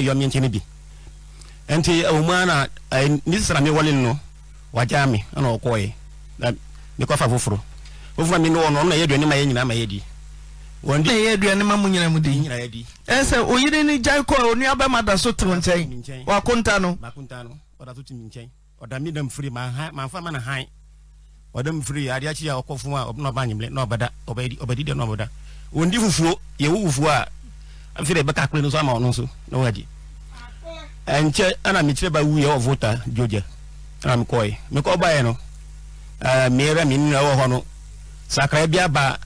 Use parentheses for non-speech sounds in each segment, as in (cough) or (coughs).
yɔmi nkyɛn bi nti wɔn mu ana ne sara mi wɔle no wagya mi ɛna ɔkɔ yɛ na mi kɔ fa foforɔ foforɔ mi ne wɔn no ɔno na yɛ aduane ma yɛ nyinaa ma yɛ di wɔn di. na yɛ aduane ma mu nyinaa mu di. nyinaa yɛ di. ɛsɛ oyiri ni gya kɔ onua bɛ ma da so tew nkyɛn wakunta no. wakunta no ɔda so ti mi nkyɛn ɔda mi dam firi maa han maa fa ma na han ɔda mi firi adeɛ akyi a ɔkɔ fun a ɔba nyimlɛ na ɔbɛda ɔbɛdi ɔbɛdi dɛ na ɔbɛda wɔn di fufuo yɛ wo fufuo a afei dɛ ɛbɛka akpere no nso ama ɔno nso na wagye ɛnkyɛ ɛna mekyerɛ ba wuyɛ wɔ vota gyogya ɛna mekɔɛ mekɔ baeɛ no meɛbɛ me nnura wɔ hɔ no sakrae bi aba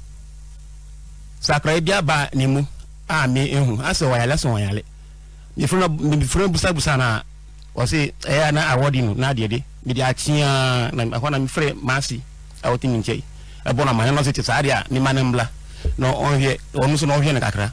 sakrae bi aba ne mu a me ehu asɛ wɔyale asɛ wɔyale mefrɛ busabusa no a ɔse ɛyɛ na awɔde no na adeɛ de mede akyeaa na ɛhɔ na mefrɛ maase a wɔte me nkyɛi ɛbɔ no amane na ɔse te saa a mema no mbla na ɔnhwɛ ɔno nso na ɔhwɛ no kakra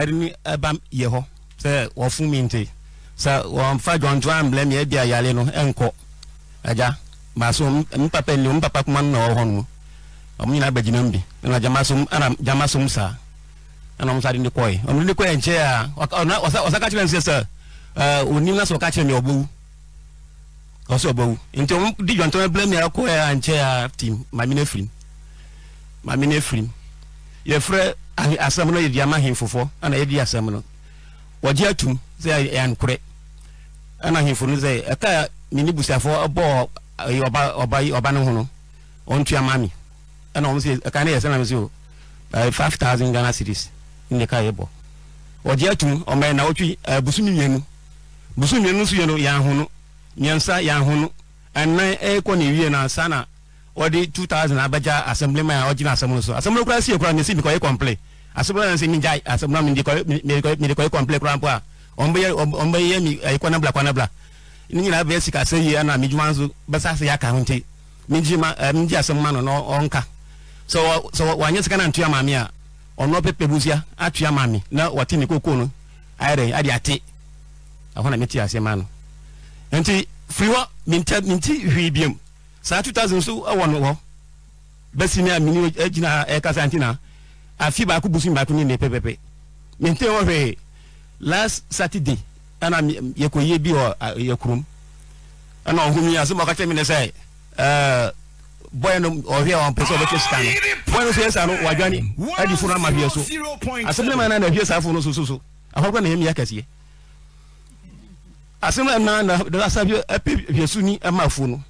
ɛdini ɛba yɛ hɔ sɛ wɔfun mi nti sɛ wɔnfa jɔnjɔ amblɛ mi ebi ayale no ɛnkɔ ɛgya baaso mpapa nli mpapa kuma no na ɔwɔ hɔ no ɔmo nyinaa bɛgyina mu bi ɛna gyama som ɛna gyama som saa ɛna ɔmo sa de ne kɔɛ ɔmo de ne kɔɛ nkyɛn a ɔna ɔsa ɔsa ka kyerɛ nsɛ sɛ ɛɛ onim na sɛ ɔka kyerɛ mi ɔbɛwu ɔsɛ ɔbɛwu nti ɔmo di jɔntɔn ɛblɛ mi ɛkɔɛ a nkyɛn a ti maame ne firim maame ne firim yɛfrɛ asɛm no yɛde ama ana yɛdi asɛm no wɔgye atum sɛ ɛankorɛ ana ahemfo no sɛ ɛka mene busafoɔ bɔɔ ɔba no ho no ɔntua ma me ɛna ɔm ɛka ne yɛsɛ 5000 ghana series ne ka yɛbɔ ɔgye atum ɔmɛ na wotwi busumi mmienu busumi mmienu nso yɛ no yɛaho no mmiɛnsa yɛaho no ɛnan ɛkɔ ne wie no na wɔde 2000 abaja assembly man a ɔgyina asɛm so assembly kura si kura nsi mikɔye kɔmple asɛm assembly nsi mi jai assembly mi no mi de kɔye kɔmple kora ombe ye ɔmbɛyɛ ɔmbɛyɛ mi eh, bla kwana bla ne nyinaa bɛyɛ sika sey ya na mi dwuma nso basa se ya ka nti mi gye ma eh, mi ji assembly man no onka so so wanye sika na ntua mamia ono pepe buzia atua mami na wati ni koko no ayɛ adi ate ɛhɔ meti asema no nti friwa hɔ mi nti mi nti hwii biem saa 2000 nso wɔ no hɔ bɛsi ne a mini gyina ɛkasa nti na afi baako busu baako ne ne pɛpɛpɛ mente wɔ hwɛ last saturday ɛna yɛkɔyie bi wɔ yɛkurom ɛna ɔhom yi asɛm ɔka kyerɛ me ne sɛ ɛɛ bɔyɛ no ɔhwɛ a ɔmpɛ ɔbɛkyɛ sika no bɔyɛ no so yɛ no wadwane adi fo no ama hwɛ so asɛm ne ma na na hwɛ saa fo no so so so ahɔkora na yɛmeyɛ kɛseɛ asɛm na na asa hwɛ ɛpɛ hwɛ so ni ɛma fo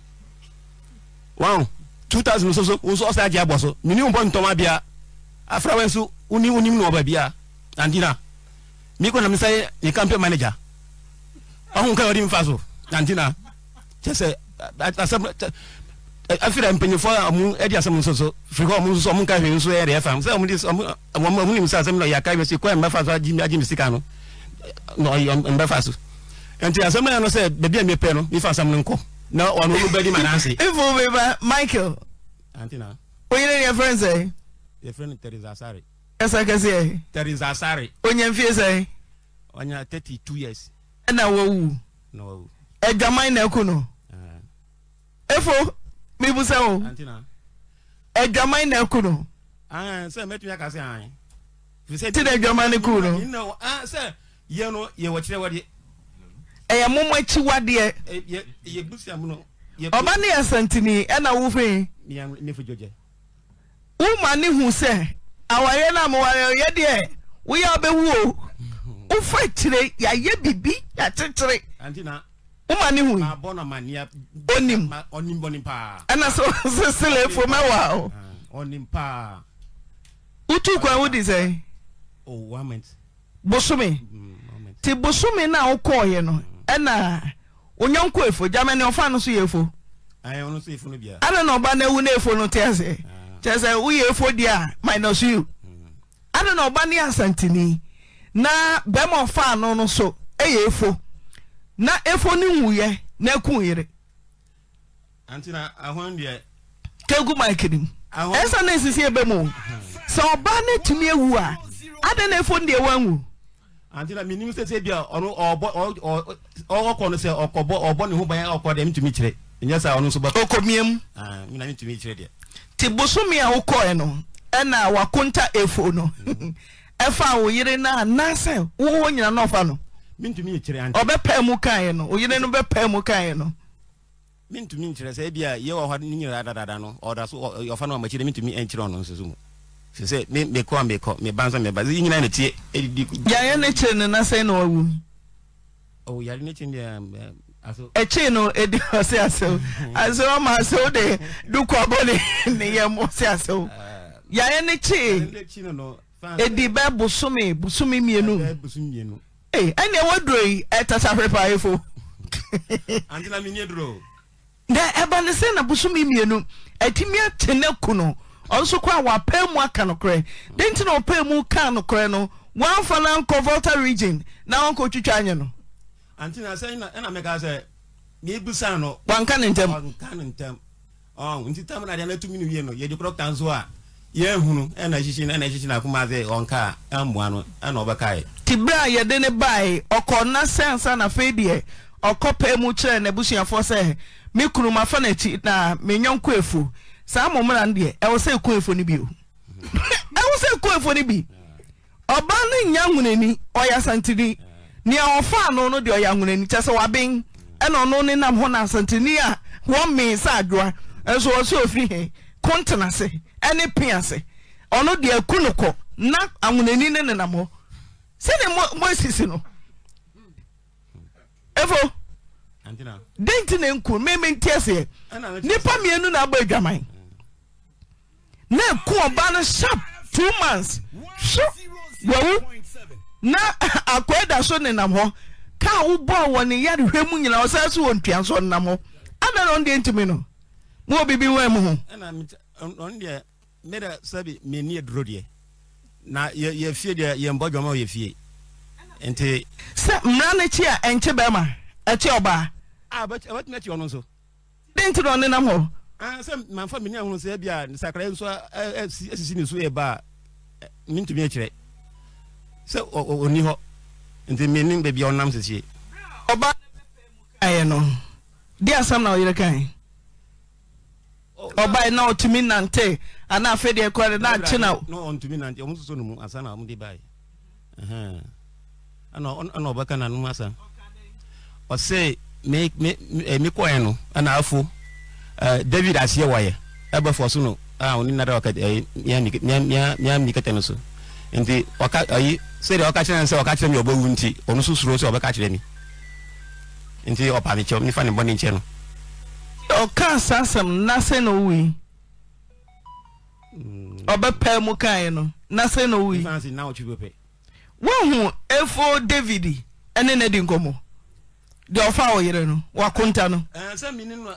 wɔn two thousand soso nso ɔsan agye abɔ so mini bɔ ntɔma bia afrawa nso wuni wuni mu na ɔba bia nantina mi kɔ na mi sɛ campaign manager ɔhun kan ɔdi nfa so nantina kyɛ sɛ asɛm afira mpanyinfo a ɔmu ɛdi asɛm nsoso firi hɔ ɔmu nso ɔmu nka hwee nso ɛyɛ fam sɛ ɔmu di ɔmu ɔmu nim sɛ asɛm na yɛ aka ɛsɛ kɔ ɛmɛfa so agye agye mi sika no na ɔyɛ ɛmɛfa so nti asɛm na yɛ no sɛ beebi a mi pɛ no mi fa asɛm no nkɔ. (laughs) na ɔno no bɛdi ma nansi. ifo mi ba michael. Antina. na. oyin ni yɛn fɛn sɛ. yɛn fɛn teresa asare. ɛsɛ kɛse yɛ. teresa asare. onye nfiye sɛ. ɔnya thirty two years. ɛna wawu. Uh-huh. na wawu. ɛgyaman na ɛku no. efo mi busa o. aunty na. ɛgyaman na ɛku no. an sɛ mɛtumi aka se an. ti na ɛgyaman ne ku no. sɛ yɛn no yɛ wɔ kyerɛ wɔ de ɛyɛ mmomo akyiwadeɛ ɔba ne yɛ santini ɛna wofei woma ne hu sɛ awareɛ no amawareɛ deɛ woyɛ wobɛwu o wofa kyire yɛayɛ bibi yɛakyekyere woma ne hu onim ɛna (laughs) ah, sɛ sesele fo mɛwa o wotu kwan wodi sɛ bosome mm, nti bosome no a wokɔɔyɛ no ɛna onyɔnko efo germany ɔfa no so yɛ efo ana na ɔba na ewu na efo no te ase ah. kyerɛ sɛ woyɛ efo di a minus u. Hmm. ana na ɔba ne asantini na bɛrima ɔfa ano no so ɛyɛ efo na efo ne nwuyɛ na eku yere. kegu mike nim ɛsan na esisi ebe mu hmm. sɛ ɔbaa na etumi ewu a adan na efo ne deɛ wanwu. anti na minimu sɛ sɛ bia ɔno ɔbɔ ɔkɔ no sɛ ɔkɔbɔ ɔbɔ ne ho ban ɔkɔ deɛ ntumi kyerɛ nyɛ sɛ ɔno nso bɛ ɔkɔ miam mina ntumi kyerɛ deɛ te bosomi a wokɔɛ no ɛna wakonta efo no ɛfa wo yere no anaasɛ wowɔ nyina no ɔfa no mentumi nkyerɛ anti ɔbɛpɛɛ mu kaeɛ no wo yere no bɛpɛɛ mu kaeɛ no mentumi nkyerɛ sɛ bia yɛwɔ hɔ ne nyinaa dadada no ɔda so ɔfa no amakyire mentumi nkyerɛ ɔno nso sɛ me mekɔ mekɔ meba nso meba sɛ nyina ne tie ɛdidi yareɛ no kyere no na sɛn na wawu oh yare eh, e no kyere deɛ aso ɛkyere no ɛdi hɔ sɛ asɛw (laughs) asɛw ama de dukɔbɔ ne ne yɛ mo sɛ asɛw ah, yareɛ no kyere ɛdi bɛ busumi busumi mienu ee ɛnna ɛwɔ duro yi ɛtasa hwere paa efo (laughs) antina mi nye duro dɛ ɛba ne sɛ na bosome mmienu ɛtumi atene kuno. ɔnso kɔ a wɔapaa mu aka nokorɛ de nti na ɔpaa mu ka nokorɛ no woamfa no nkɔ volta region na wɔnkɔ twitwa anyɛ no wanka na ntɛm ti berɛ a yɛde ne bae ɔkɔ na sɛnsa na afei deɛ ɔkɔ paa mu kyerɛɛ n'abusuafoɔ sɛ me kunumafa n'akyi na menyɔnkɔ afu saa mmɔmmra no deɛ ɛwɔ sɛ ɛkɔ efo no bi o mhm. ɛwɔ sɛ ɛkɔ efo no bi ɔbaa no nya nwunani ɔyɛ asantini nea ɔfa no no deɛ ɔyɛ nwunani kyɛ sɛ waben ɛna ɔno ne nam hɔ na asantini a wɔn mee sa adwoa ɛnso ɔsɛ ofi hɛ kɔntena ase ɛne pin ase ɔno deɛ ɛku no kɔ na anwunani ne nenam hɔ sɛdeɛ mo mo esisi no efo denti na nku mmemme nti aseɛ nipa mmienu na abɔ adwaman. wɔko no sharp two months so wawu na (laughs) akɔa da so nenam hɔ kar wobɔɔ wɔ ne yarehwɛ mu nyina ɔsaa so wɔ ntua so ɔnenam hɔ ada na ɔndeɛ ntumi no ma wɔ bibi waa mu ho na yɛfie deɛ yɛmbɔ dwama wɔ yɛfie nti sɛ mmara no kyi a ɛnkye bɛrima ɛkye ɔbaa ɛbɛtumi akyi ɔno nso de nti ɔnenam hɔ Ah, sɛ mamfa menya hono sɛ bia sakra nso asisi ne so yɛ a eh, mentumi akyerɛ sɛ ɔni hɔ nti menim baabi ɔnam sesie ɔba kaeɛ no de asɛm na ɔyere kae ɔbae na ɔtumi nante ana deɛ kɔre na akye na ɔntumi nante ɔmo soso no mu asa na ɔmode bae ana ɔbɛka nanom asa ɔse eh, mekɔɛ no ana afo Eh, david aseɛ wɔyɛ ɛbɛfɔ so no a ɔne nada ɔka ɛyi mia mi kɛtɛ no so nti ɔka ɛyi sɛdeɛ ɔka kyerɛ no sɛ ɔka kyerɛ mi ɔbɛwu nti ɔno so suro sɛ ɔbɛka kyerɛ mi nti ɔpa mi kyɛw nifa ne bɔ ne no. ɔka asasɛm nase na owu yi ɔbɛpɛ mu kan yi no nase na owu yi wohu efo david ɛne ne di nkɔmɔ deɛ ɔfa ɔyere no wakunta no. ɛɛ sɛ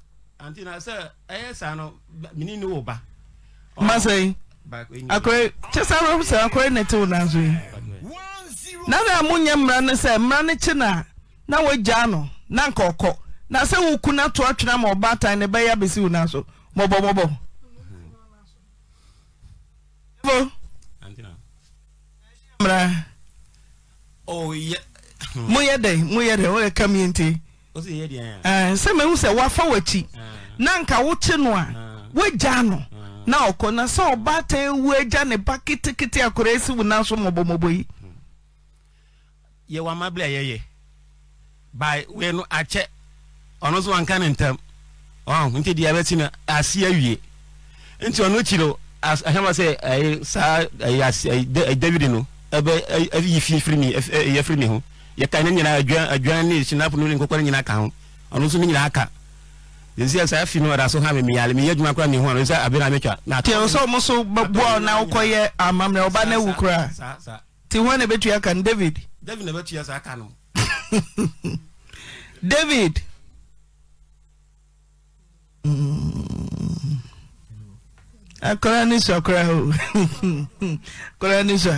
anti na sɛ ɛyɛ saa no mini ni wo ba. mbasa yi akɔrɛ kyesa awɔrɔ sɛ akɔrɛ na ɛte wo nanso yi nana na mo nyɛ mmara no sɛ mmara no kye na na wagya no na nka ɔkɔ na sɛ woku no ato atwena ma ɔba atan ne bɛyɛ wo mmara hmm. moyɛ dɛn moyɛ dɛn wɔyɛ kam yɛ nti sɛ mahu sɛ wafa na nka wote no a woagya no na ɔkɔ na sɛ ɔbaatan wu agya ne ba ketekete akora asi wo nanso mmɔbɔmmɔbɔ yi hmm. yɛwɔ amabere a yɛyɛ by no akyɛ ɔno nso wanka ne ntam nti deɛ no ase awie nti ɔno sɛ ɛyɛ saa david no ɛbɛ ne nyinaa adwan ne sinapu ne nkokɔ ne nyinaa ka ho ɔno nso ne nyinaa yɛsi ɛsɛ afi no ɔda so ha mi miyale mi yɛ adwuma kora mi ho ano sɛ abena twa. tiɛ n sɛ ɔmo so bɔ na ɔkɔ yɛ amamrɛ ɔba na ewu kura ti hɔn na ebetua kan david. david na ebetua saa kan no. (laughs) david. Mm. akɔra ni sɔ kora o (laughs) kora ni sɔ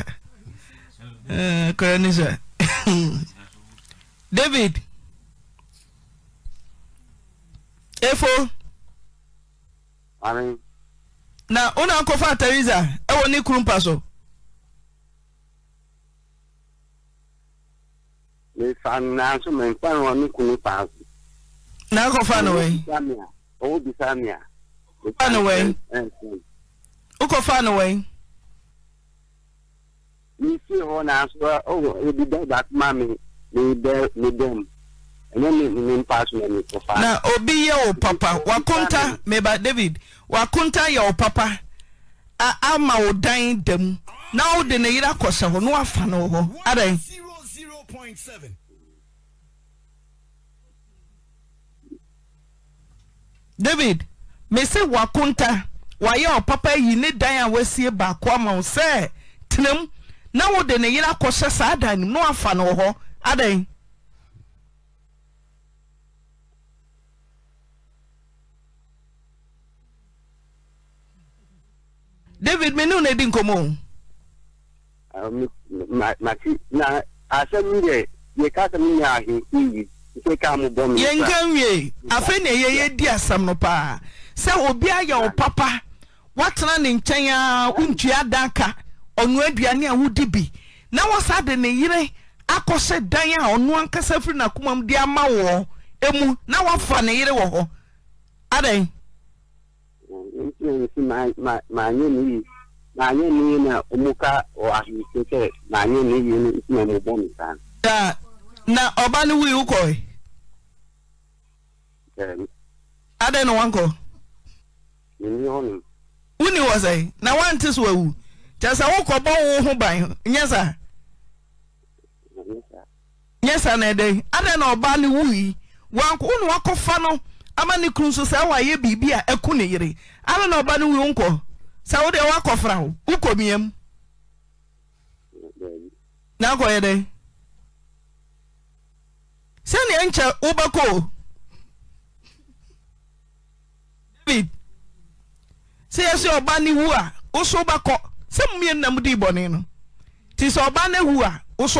eh, kora ni sɔ (laughs) david. efo Amen. na unu akọfa Teresa ewe ni kurumpa so nanso mɛnkpa no ɔne na akɔfa no wɛn ɔwɔ bisa me a fa no wɛn wokɔfa no na obi yɛ wo papa wakonta meba david wakunta yɛ wo papa a ama wo dan da mu na wode ne yere akɔsɛ hɔ na wafa no wɔ hɔ adɛn david mese wakunta wayɛ wo papa yi ne dan a wasie baako ama wo sɛ tenam na wode ne yere akɔhyɛ saa dan no mu na wafa no wɔ hɔ adɛn david mene na edi nkɔmmɔ ah, mati na asɛm deɛ yɛka asɛm nya ahe iyi nkeka mobɔ me yɛnka nwie afei na ɛyɛ yɛdi asɛm no paa sɛ obi ayɛ wo papa woatena ne nkyɛn a wontua da ka ɔno aduane a wodi bi na wɔsa de ne yere akɔhyɛ dan a ɔno ankasa firi n'akoma mu de ama wɔ emu na wafa ne yere wɔ hɔ adan nsị ma anyị n'iyi ma anyị n'iyi na ụmụka ahụike ma anyị n'iyi na n'ụgbọ mmụta na ọbanụ wi ụkọ adị na nwankọ wuni wọ sị na nwantị so ewu kyesa ụkọ bọ wụ hụ ban nye sa nye sa na ede adị na ọbanụ wi nwankọ unu akọfa no. ama ne kuru nso sɛ wayɛ biribi a ɛku ne yere ano na ɔba no wi nkɔ sɛ wode wokɔ na akɔyɛ dɛn nkyɛ wobɛkɔ david sɛ yɛ sɛ ɔba ne wu a wo so wobɛkɔ sɛ mmienu na mudi bɔne no nti sɛ a wo so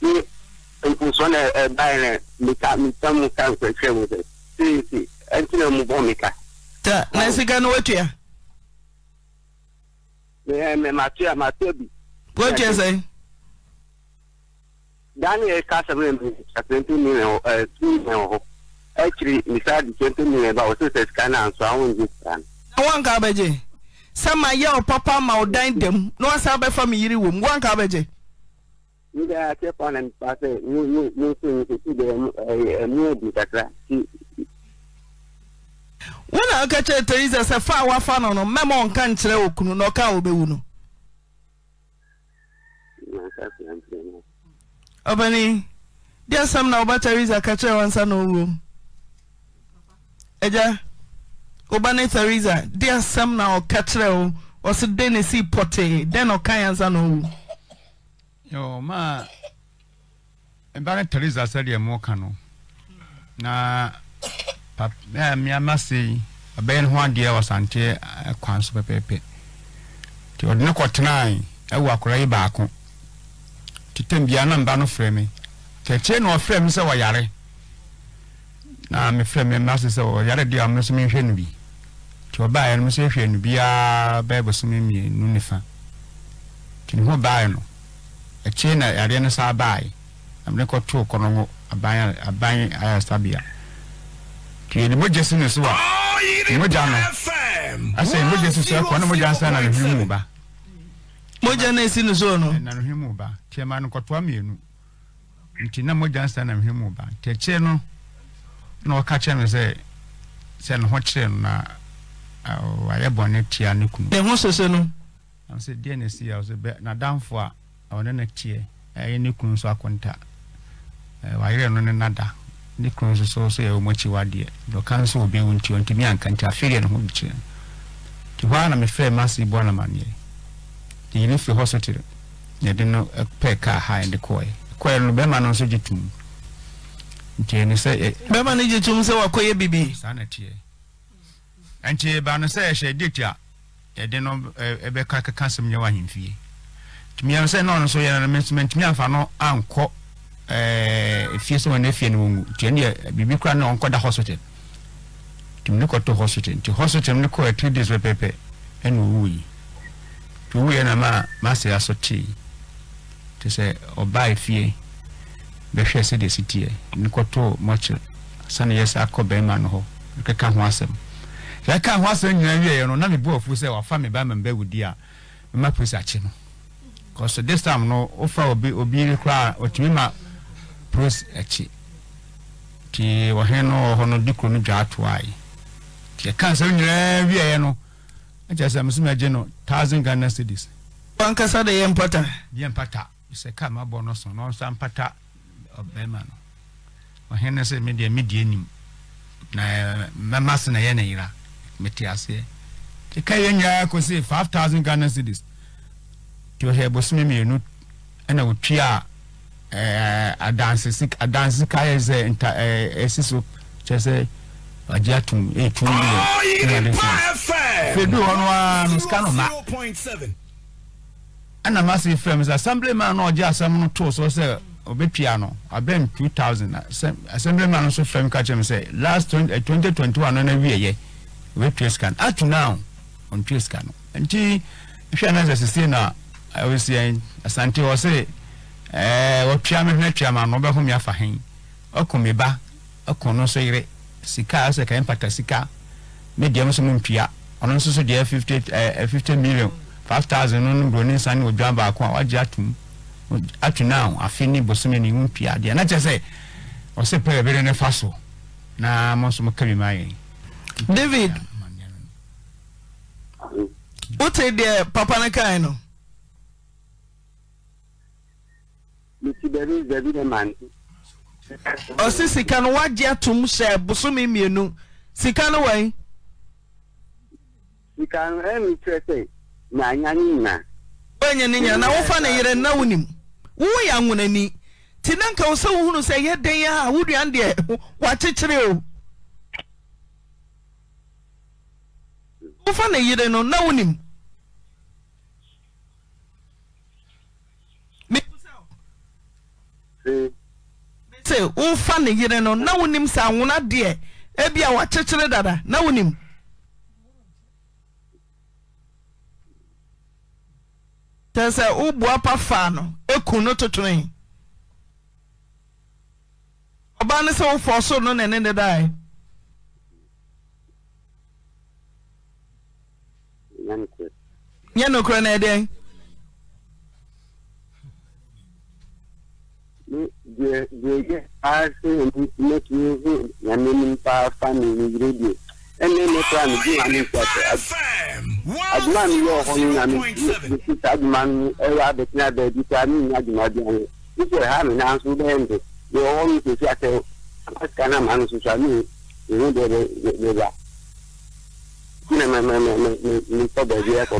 Ni nfunsuo na ɛbae na mika mika mu ka nkwɛhwɛ mu sɛ seesi ɛnti na mu bɔ mika. ta na sika no watua. mɛ mɛ matua matua bi. watua sɛn. daniel kasa bɛ mi twenty million ɛɛ two million hɔ ɛkyiri misali twenty million ba ɔsɛ sɛ sika na nso ahun gye sika wọn kà bɛ gye sɛ ma yɛ ɔ papa ma ɔ dan dɛm na wọn sá bɛ fa mi yiri wɔm wọn kà bɛ gye. ndị agha chekwa na mpase n'otu nke si ga-eme obi kakra si wọn na nkacha teriza sị fa wafa nọ nọ mmemme nka nkyerɛ okunu na ɔka obewu no. ọbani di asam na ọba teriza kacha wa nsa na owuo ɛgya ọba ne teriza di asam na ɔka kyerɛ o ɔsi den na esi pɔtee den na ɔka ya nsa na owuo. yo ma mbara teresa sɛdeɛ ka no na mmeama sei ɔbɛyɛ no ho adeɛ wɔ santeɛ kwan so pɛpɛɛpɛ nti ɔde ne kɔtenae ɛwɔ akora yi baako titam bia na mba no frɛ me kyɛkyɛ na ɔfrɛ me sɛ wɔyare na mefrɛ me mma se sɛ ɔyare deɛ ɔmo nso menhwɛ no bi nti ɔbaeɛ no mo sɛ hwɛ no biaa bɛɛ bɔsome mmienu ne fa ne ho no akyi na yadeɛ no saa bae na mene kɔtoo kɔnɔngo aban aban ayaresabea nti ne mogya si ne so a mogya no asɛ mogya si so akɔ ne mogya nsa na nohwene mu ba mogya no ɛsi ne so no na nohwene mu ba nti ɛma no nkɔtoa mmienu nti na mogya nsa na nohwene mu ba nti akyire no na ɔka kyerɛ no sɛ sɛ ne ho kyerɛ no na wayɛ bɔne tia ne kunu ne ho sese no na deɛ na ɛsi a sɛ nadamfoɔ a ɔne ne teɛ ɛyɛ ne kunu nso akonta wayerɛ no ne nada ne kunu nso so so yɛ wɔn akyi wadeɛ dɔka nso wɔ bi wɔn ti anka nti afeere ne ho bi kyerɛ hɔ na mefrɛ maasi bɔ na maneɛ te yiri fi hɔ so tere yɛde no pɛ kaa ha yɛde kɔɛ kɔɛ no bɛrima no nso gye tum nti ɛni sɛ ɛ. bɛrima no gye tum sɛ wakɔyɛ bibi. saa na teɛ nti ba no sɛ ɛhyɛ date a yɛde no ɛbɛka kaka asɛm nyɛ wɔ mmiɛnsa na ɔno nso yɛ no mentumi amfa no ankɔ eh, fie sɛ wɔno afie no wɔngu nti ɛno yɛ biribi kora ne ɔnkɔda hospital nti mene kɔtɔ hospital nti hospital mene kɔɔ three days pɛpɛpɛ ɛna ɔwuyi nti ɔwuiɛ na ma maasɛ aso tee nti sɛ ɔbaa fie bɛhwɛ sɛ deɛ sitiɛ mene kɔtɔɔ mɔkyere sane yɛ sɛ akɔ bɛrima no hɔ keka ho asɛm sɛ ho asɛm nyinaa wieɛ no na mebu afuo sɛ wafa me baa ma mbɛwudi a mema polisi akye no because this time no wofa will be koraa be ma pros akyi nti ɔhene no wɔ hɔ no de kuro no dwa atoa yi nti cancer in nyinaa wieɛ no akyerɛ sɛ mesoma agye no thousand ghana cities wankasa de the mpata the mpata sɛ ka mabɔ no on na ɔnsa mpata ɔbɛrima no ɔhene no sɛ medeɛ medeɛ nim na mɛma se na yɛ ne five thousand ghana cities nti wɔhɛ bosome mmienu ɛna wotwi a ɛɛ adansesika adansesika yɛ sɛ nta ɛɛ ɛsi so kyerɛ sɛ wagye atum ɛyɛ tum bi yɛ oh, ɛna ne sɛ fedu hɔ no ara no sika no na ɛna masi fira sɛ assembly man na ɔgye asɛm no too so sɛ ɔbɛtua no abɛn two thousand assembly man no nso fira ka kyerɛ mi sɛ last eh, twenty twenty one na wie yɛ ɔbɛtua sika no up to now ɔntua sika no nti hwɛ na sɛ sisi na. ɔsiɛn eh, asante wɔ se eh, ɛɛ wɔtwea me hwene ma no ɔbɛho me afa hen ɔko me ba no nso yere sika ɛsɛ kɛn pata sika me deɛ nso mo mpia ɔno nso so deɛ fifty ɛɛ eh, fifty million five thousand no no buroni nsa ne baako a wagye atum atu naa afe ne bosome ne ho deɛ na kyerɛ sɛ ɔsɛ pɛ ɛbɛrɛ ne fa so na mo nso mo bi ma yɛn. david wote deɛ papa ne kan no. ɔsi sika no wagye atom hyɛ bosome mmienu sika no wɔn. sika no ɛnu kyerɛ sɛ n'anya ne nyina. onye ne nyina na wofa ne yere na wonim woyɛ anwonani te na nka wo sɛ wohunu sɛ yɛ den a woduan deɛ (laughs) wakyekyere o. wofa ne yere no na wonim. sɛ wofa ne yere no na wonim anwụna dị deɛ ebia wakyekyere dada na wonim kyɛ sɛ woboa pa faa no eku no totoe ɔbaa ne sɛ wofɔ so nene ne dae deɛ deɛ yɛ ase mɛtumi ho nyame nim paafa ne neyere deɛ ɛne ne kora ne gye nyame nti atɛ adwuma no yɛ ɔhɔ no nyame mesi saa adwuma no ɛyɛ de baabi saa ne nya adwuma bi ho wosɛ ha no nanso wobɛyɛ nde na ɔhɔ no sɛsi atɛ amasika no ama no so so a ne ɛhu deɛ bɛba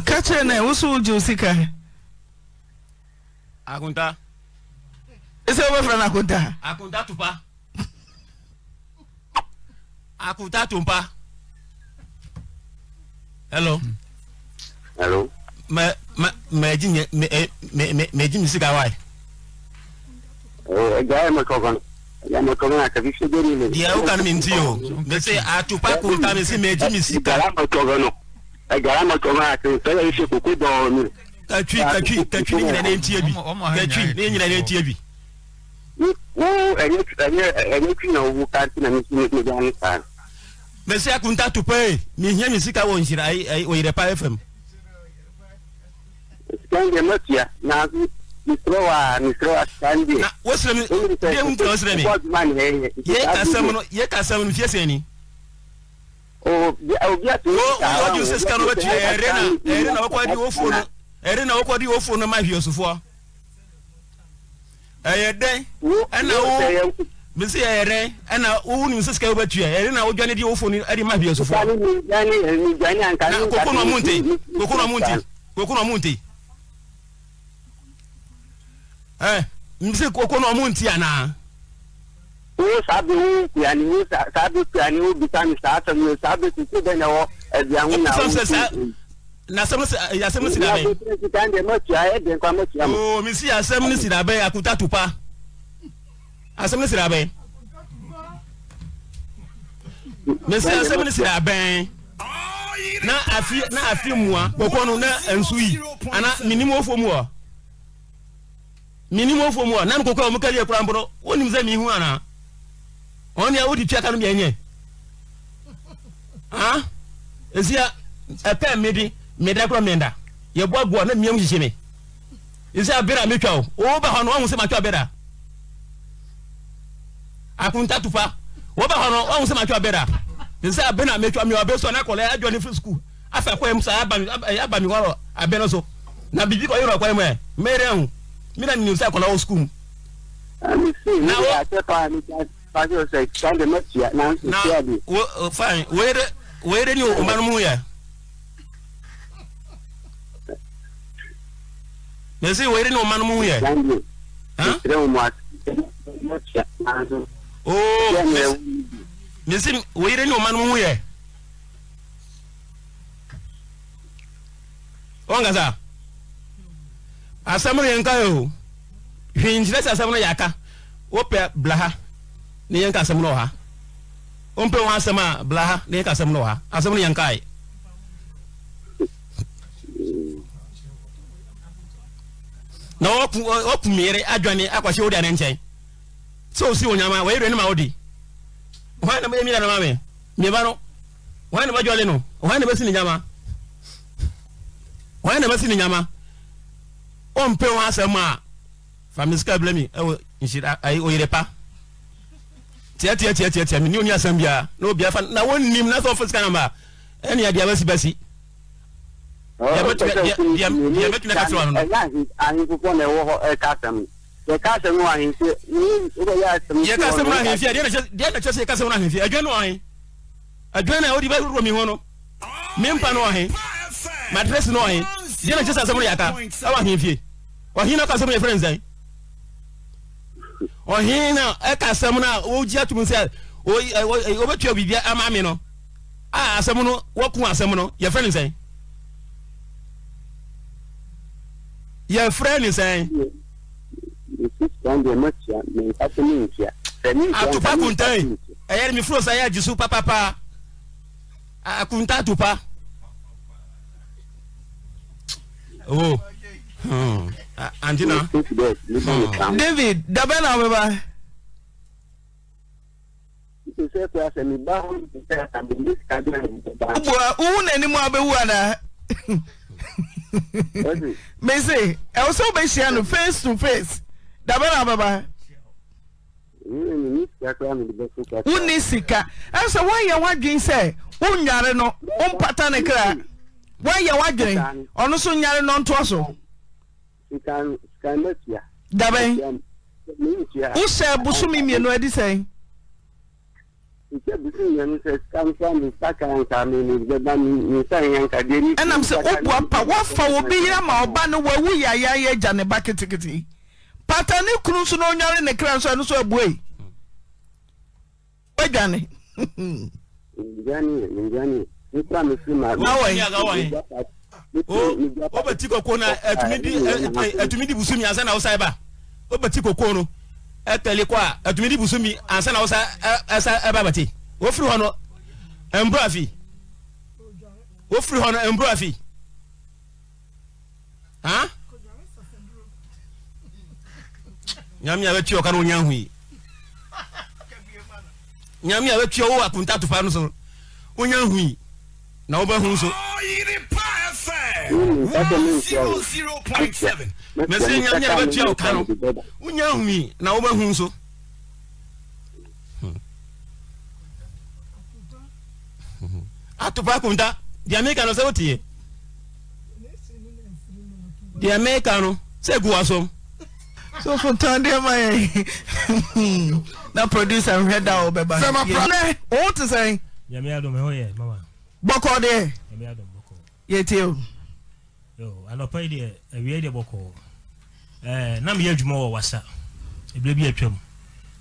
ka kyerɛ na wo so wogye wo sika akonta ese wo na no akonta akonta tupa akonta tupa? hello hello mɛ mɛ mɛ ji mɛ mɛ mɛ mɛ ji mi si ka wa ye. Oh, ɛɛ ja ye mɛ kɔkɔ ya mɛ kɔkɔ na kabi se deni le. diɛ o e kan mi ti o mɛ se a tupa kun ta mi si mɛ ji mi si e e ka. ɛgara mɛ kɔkɔ nɔ ɛgara mɛ kɔkɔ na kabi sɛgɛ yi se koko dɔɔni. ka tui ka tui ka tui ne ɲinɛ ne tiɲɛ bi ka tui ne ɲinɛ ne tiɲɛ bi mɛsi akunta tupa ye nin hiɛ min sika wɔ nsira ayi ayi o yɛrɛ pa fm. sikanje ma tuya naazu misiri wa misiri wa sikanje. na o sira mi den kun tɛ o sira mi. bɔl juma nin yɛrɛ ye. ye ka sɛn mun ye ka sɛn mun fiyɛ sɛn o bi o bi a tun. o yɔrɔ ju sisan o bɛ tiɲɛ ɛrɛ na ɛrɛ na o kɔ di o fo no ɛrɛ na o kɔ di o fo no ma fiyɛ sufɔ ɛyɛ dɛn ɛna wo bisi ɛyɛ dɛn ɛna wo ni sisi kɛ wobɛtu yɛ ɛyɛ na wo dwani di wo foni ɛdi ma bi ɛsofo. na koko na ɔmu nte koko na ɔmu nte koko na ɔmu nte ɛ bisi koko na ɔmu nte ana. wo sábẹ wo kuyani wo sábẹ kuyani wo bisami sáà sẹmu sábẹ tuntun bẹ na wọ ẹbi àwọn na wo n'asɛm yasɛm si n'abɛn ooo misi asɛm ni si n'abɛn akuta tupa asɛm ni si n'abɛn misi asɛm ni si n'abɛn na afi na afi mua kɔkɔ no na nsu yi ana minimu ofo mu wa minimu ofo mu wa naanu kɔkɔ a wɔn kari ekura mbɔrɔ wɔn nim sɛ mi hu ana wɔn ni a wɔdi tia kanu mi ɛnyɛ ha esia ɛpɛ mi di mmeda kura mmeda yɛbɔ agu na mmea mu hyehyɛ mi nsɛ abera mi twa o wo ba hɔ no wɔn sɛ ma twa abera akunta tufa wo ba hɔ no wɔn sɛ ma twa abera nsɛ abena mi twa mi ɔbɛ so anakɔlɛ adwa ne firi sukuu afɛ kɔɛ mu sa aba mi aba mi wɔrɔ abɛ no so na bibi kɔ yɔrɔ kɔɛ mu yɛ mɛrɛ ho mi na nim sɛ akɔlɛ wɔ sukuu mu. na wo na wo fine wo yɛrɛ wo yɛrɛ ni o ma no mu yɛ. na ɛsɛ wɔyere ne ɔma no mu yɛ ooo mesi wɔyere ne ɔma no mu yɛ ɔnkasa asɛm no yɛnka yɛ o hwii nkyerɛ sɛ asɛm no yɛaka wopɛ bla ha ne yɛnka asɛm no wɔ ha wompɛ ho asɛm a bla ha ne yɛnka asɛm no wɔ ha asɛm no yɛnkae na ɔku ɔku mmiere adwane akɔhyɛ odi ane nkyɛn sɛ osi onyama wɔyɛ rɛ ne ma odi wɔn na emi na ma mi mmieba e e, no wɔn na bɛjɔle no wɔn na bɛsi ne nyama wɔn na bɛsi ne nyama ɔmpɛ wɔn asɛm a family sika bila mi ɛwɔ nhyira ayi oyere pa tiɛ tiɛ tiɛ tiɛ tiɛ mi ni oni asɛm bia na obi afa na wɔn nim na sɛ ɔfo sika namba ɛni e adi abɛsi bɛsi deɛ bɛtumi aka kyerɛ wa na ɛwɔ hɔ ɛka asɛm no yɛka asɛm no ahemfie wobɛyɛ asɛm na kyerɛ sɛ yɛka asɛm no ahemfie adwan no ahe adwan no a wode bɛworɔ mi ho no mempa no ahe madrɛs no na kyerɛ sɛ asɛm no yɛaka ɛwɔ ahemfie ɔhene no ka asɛm no yɛfrɛ nsan ɔhene no ɛka asɛm no yɛfrɛ ne sɛn atupa kuntan ɛyɛ mi furo sa yɛ agye so papapa akunta atupa o oh. hmm. antina hmm. david dabɛ na bɛba. wubua wowu n'anim abɛwu anaa (laughs) mese ɛwɔ e sɛ wobɛhyia no face to face daba na ababa wonni sika ɛn e sɛ woayɛ woadwen sɛ wonware no wompata ne kra woayɛ woadwene ɔno so nyare no ntoa so dabɛn wohyɛ bosome mmienu adi sɛn ɛnam sɛ woboa pa woafa wo bi yere ma ɔba no wawu yayayɛ agya ne ba ketekete pata ne kunu nso na ɔnware ne kra nso ɛno so O, wadwane wobɛti koko no atumi di busumi ansa na wosae ba wobɛti koko no ɛtɛli kɔ a ɛtumi di busu mi ansa na ɔsa ɛsa ɛba abate wofiri hɔ no ɛmbura afi wofiri hɔ no ɛmbura afi han nyamia bɛ tuyɛ ɔka na onya hui nyamia bɛ tuyɛ ɔwɔ akunta tufa no so onya hui na ɔbɛ hun so. ɔyiri oh, one zero zero point seven na sɛ nyame nyɛ bɛtua wo ka no wonya humi na wobɛhu nso hmm. atopa akonta deɛ meka no sɛ woteɛ deɛ meka no sɛ gu wasom so fotɔn deɛ ma yɛ na producer nhwɛ da wo bɛba sɛmaprɛ wo te sɛn bɔkɔ deɛ yɛtie o anɔpa yi deɛ awie deɛ bɔkɔɔ Eh, na meyɛ adwuma wɔ wasa ɛberɛ bi atwam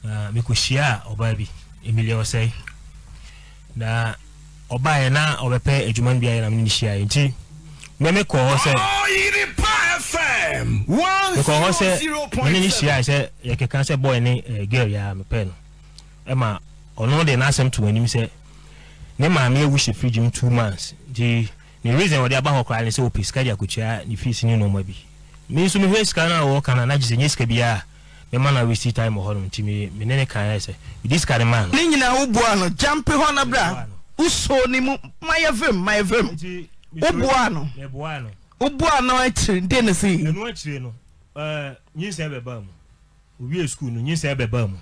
na mekɔhyia a ɔbaa bi emilia ɔsɛe na ɔbaeɛ na ɔbɛpɛ adwuma no biayɛ na mene ne hyiaeɛ nti mɛme kɔɔ hɔ sɛ mekɔɔ hɔ sɛ mene ne hyiaeɛ sɛ yɛkeka sɛ bɔɛ ne eh, girl yɛa mepɛ no ɛma ɔno de n'asɛm to w'anim sɛ ne maame awu hyɛ fridge two months nti ne reason wɔde aba hɔ koraa ne sɛ wɔpɛ sika de akɔkyia ne fees ne nɔɔma bi me nso mehwɛ sika no a wɔka no na gye sɛ nyɛ sika biaa mema no awɛsi time wɔ hɔnom nti mene ne kaɛ sɛ mede sika no maa no ne nyinaa woboa no gyampe hɔ no bra wosoo ne mu mayɛ fam mayɛ fam woboa no woboa no akyiri de ne se no eh, no nyinsɛ bɛbaa mu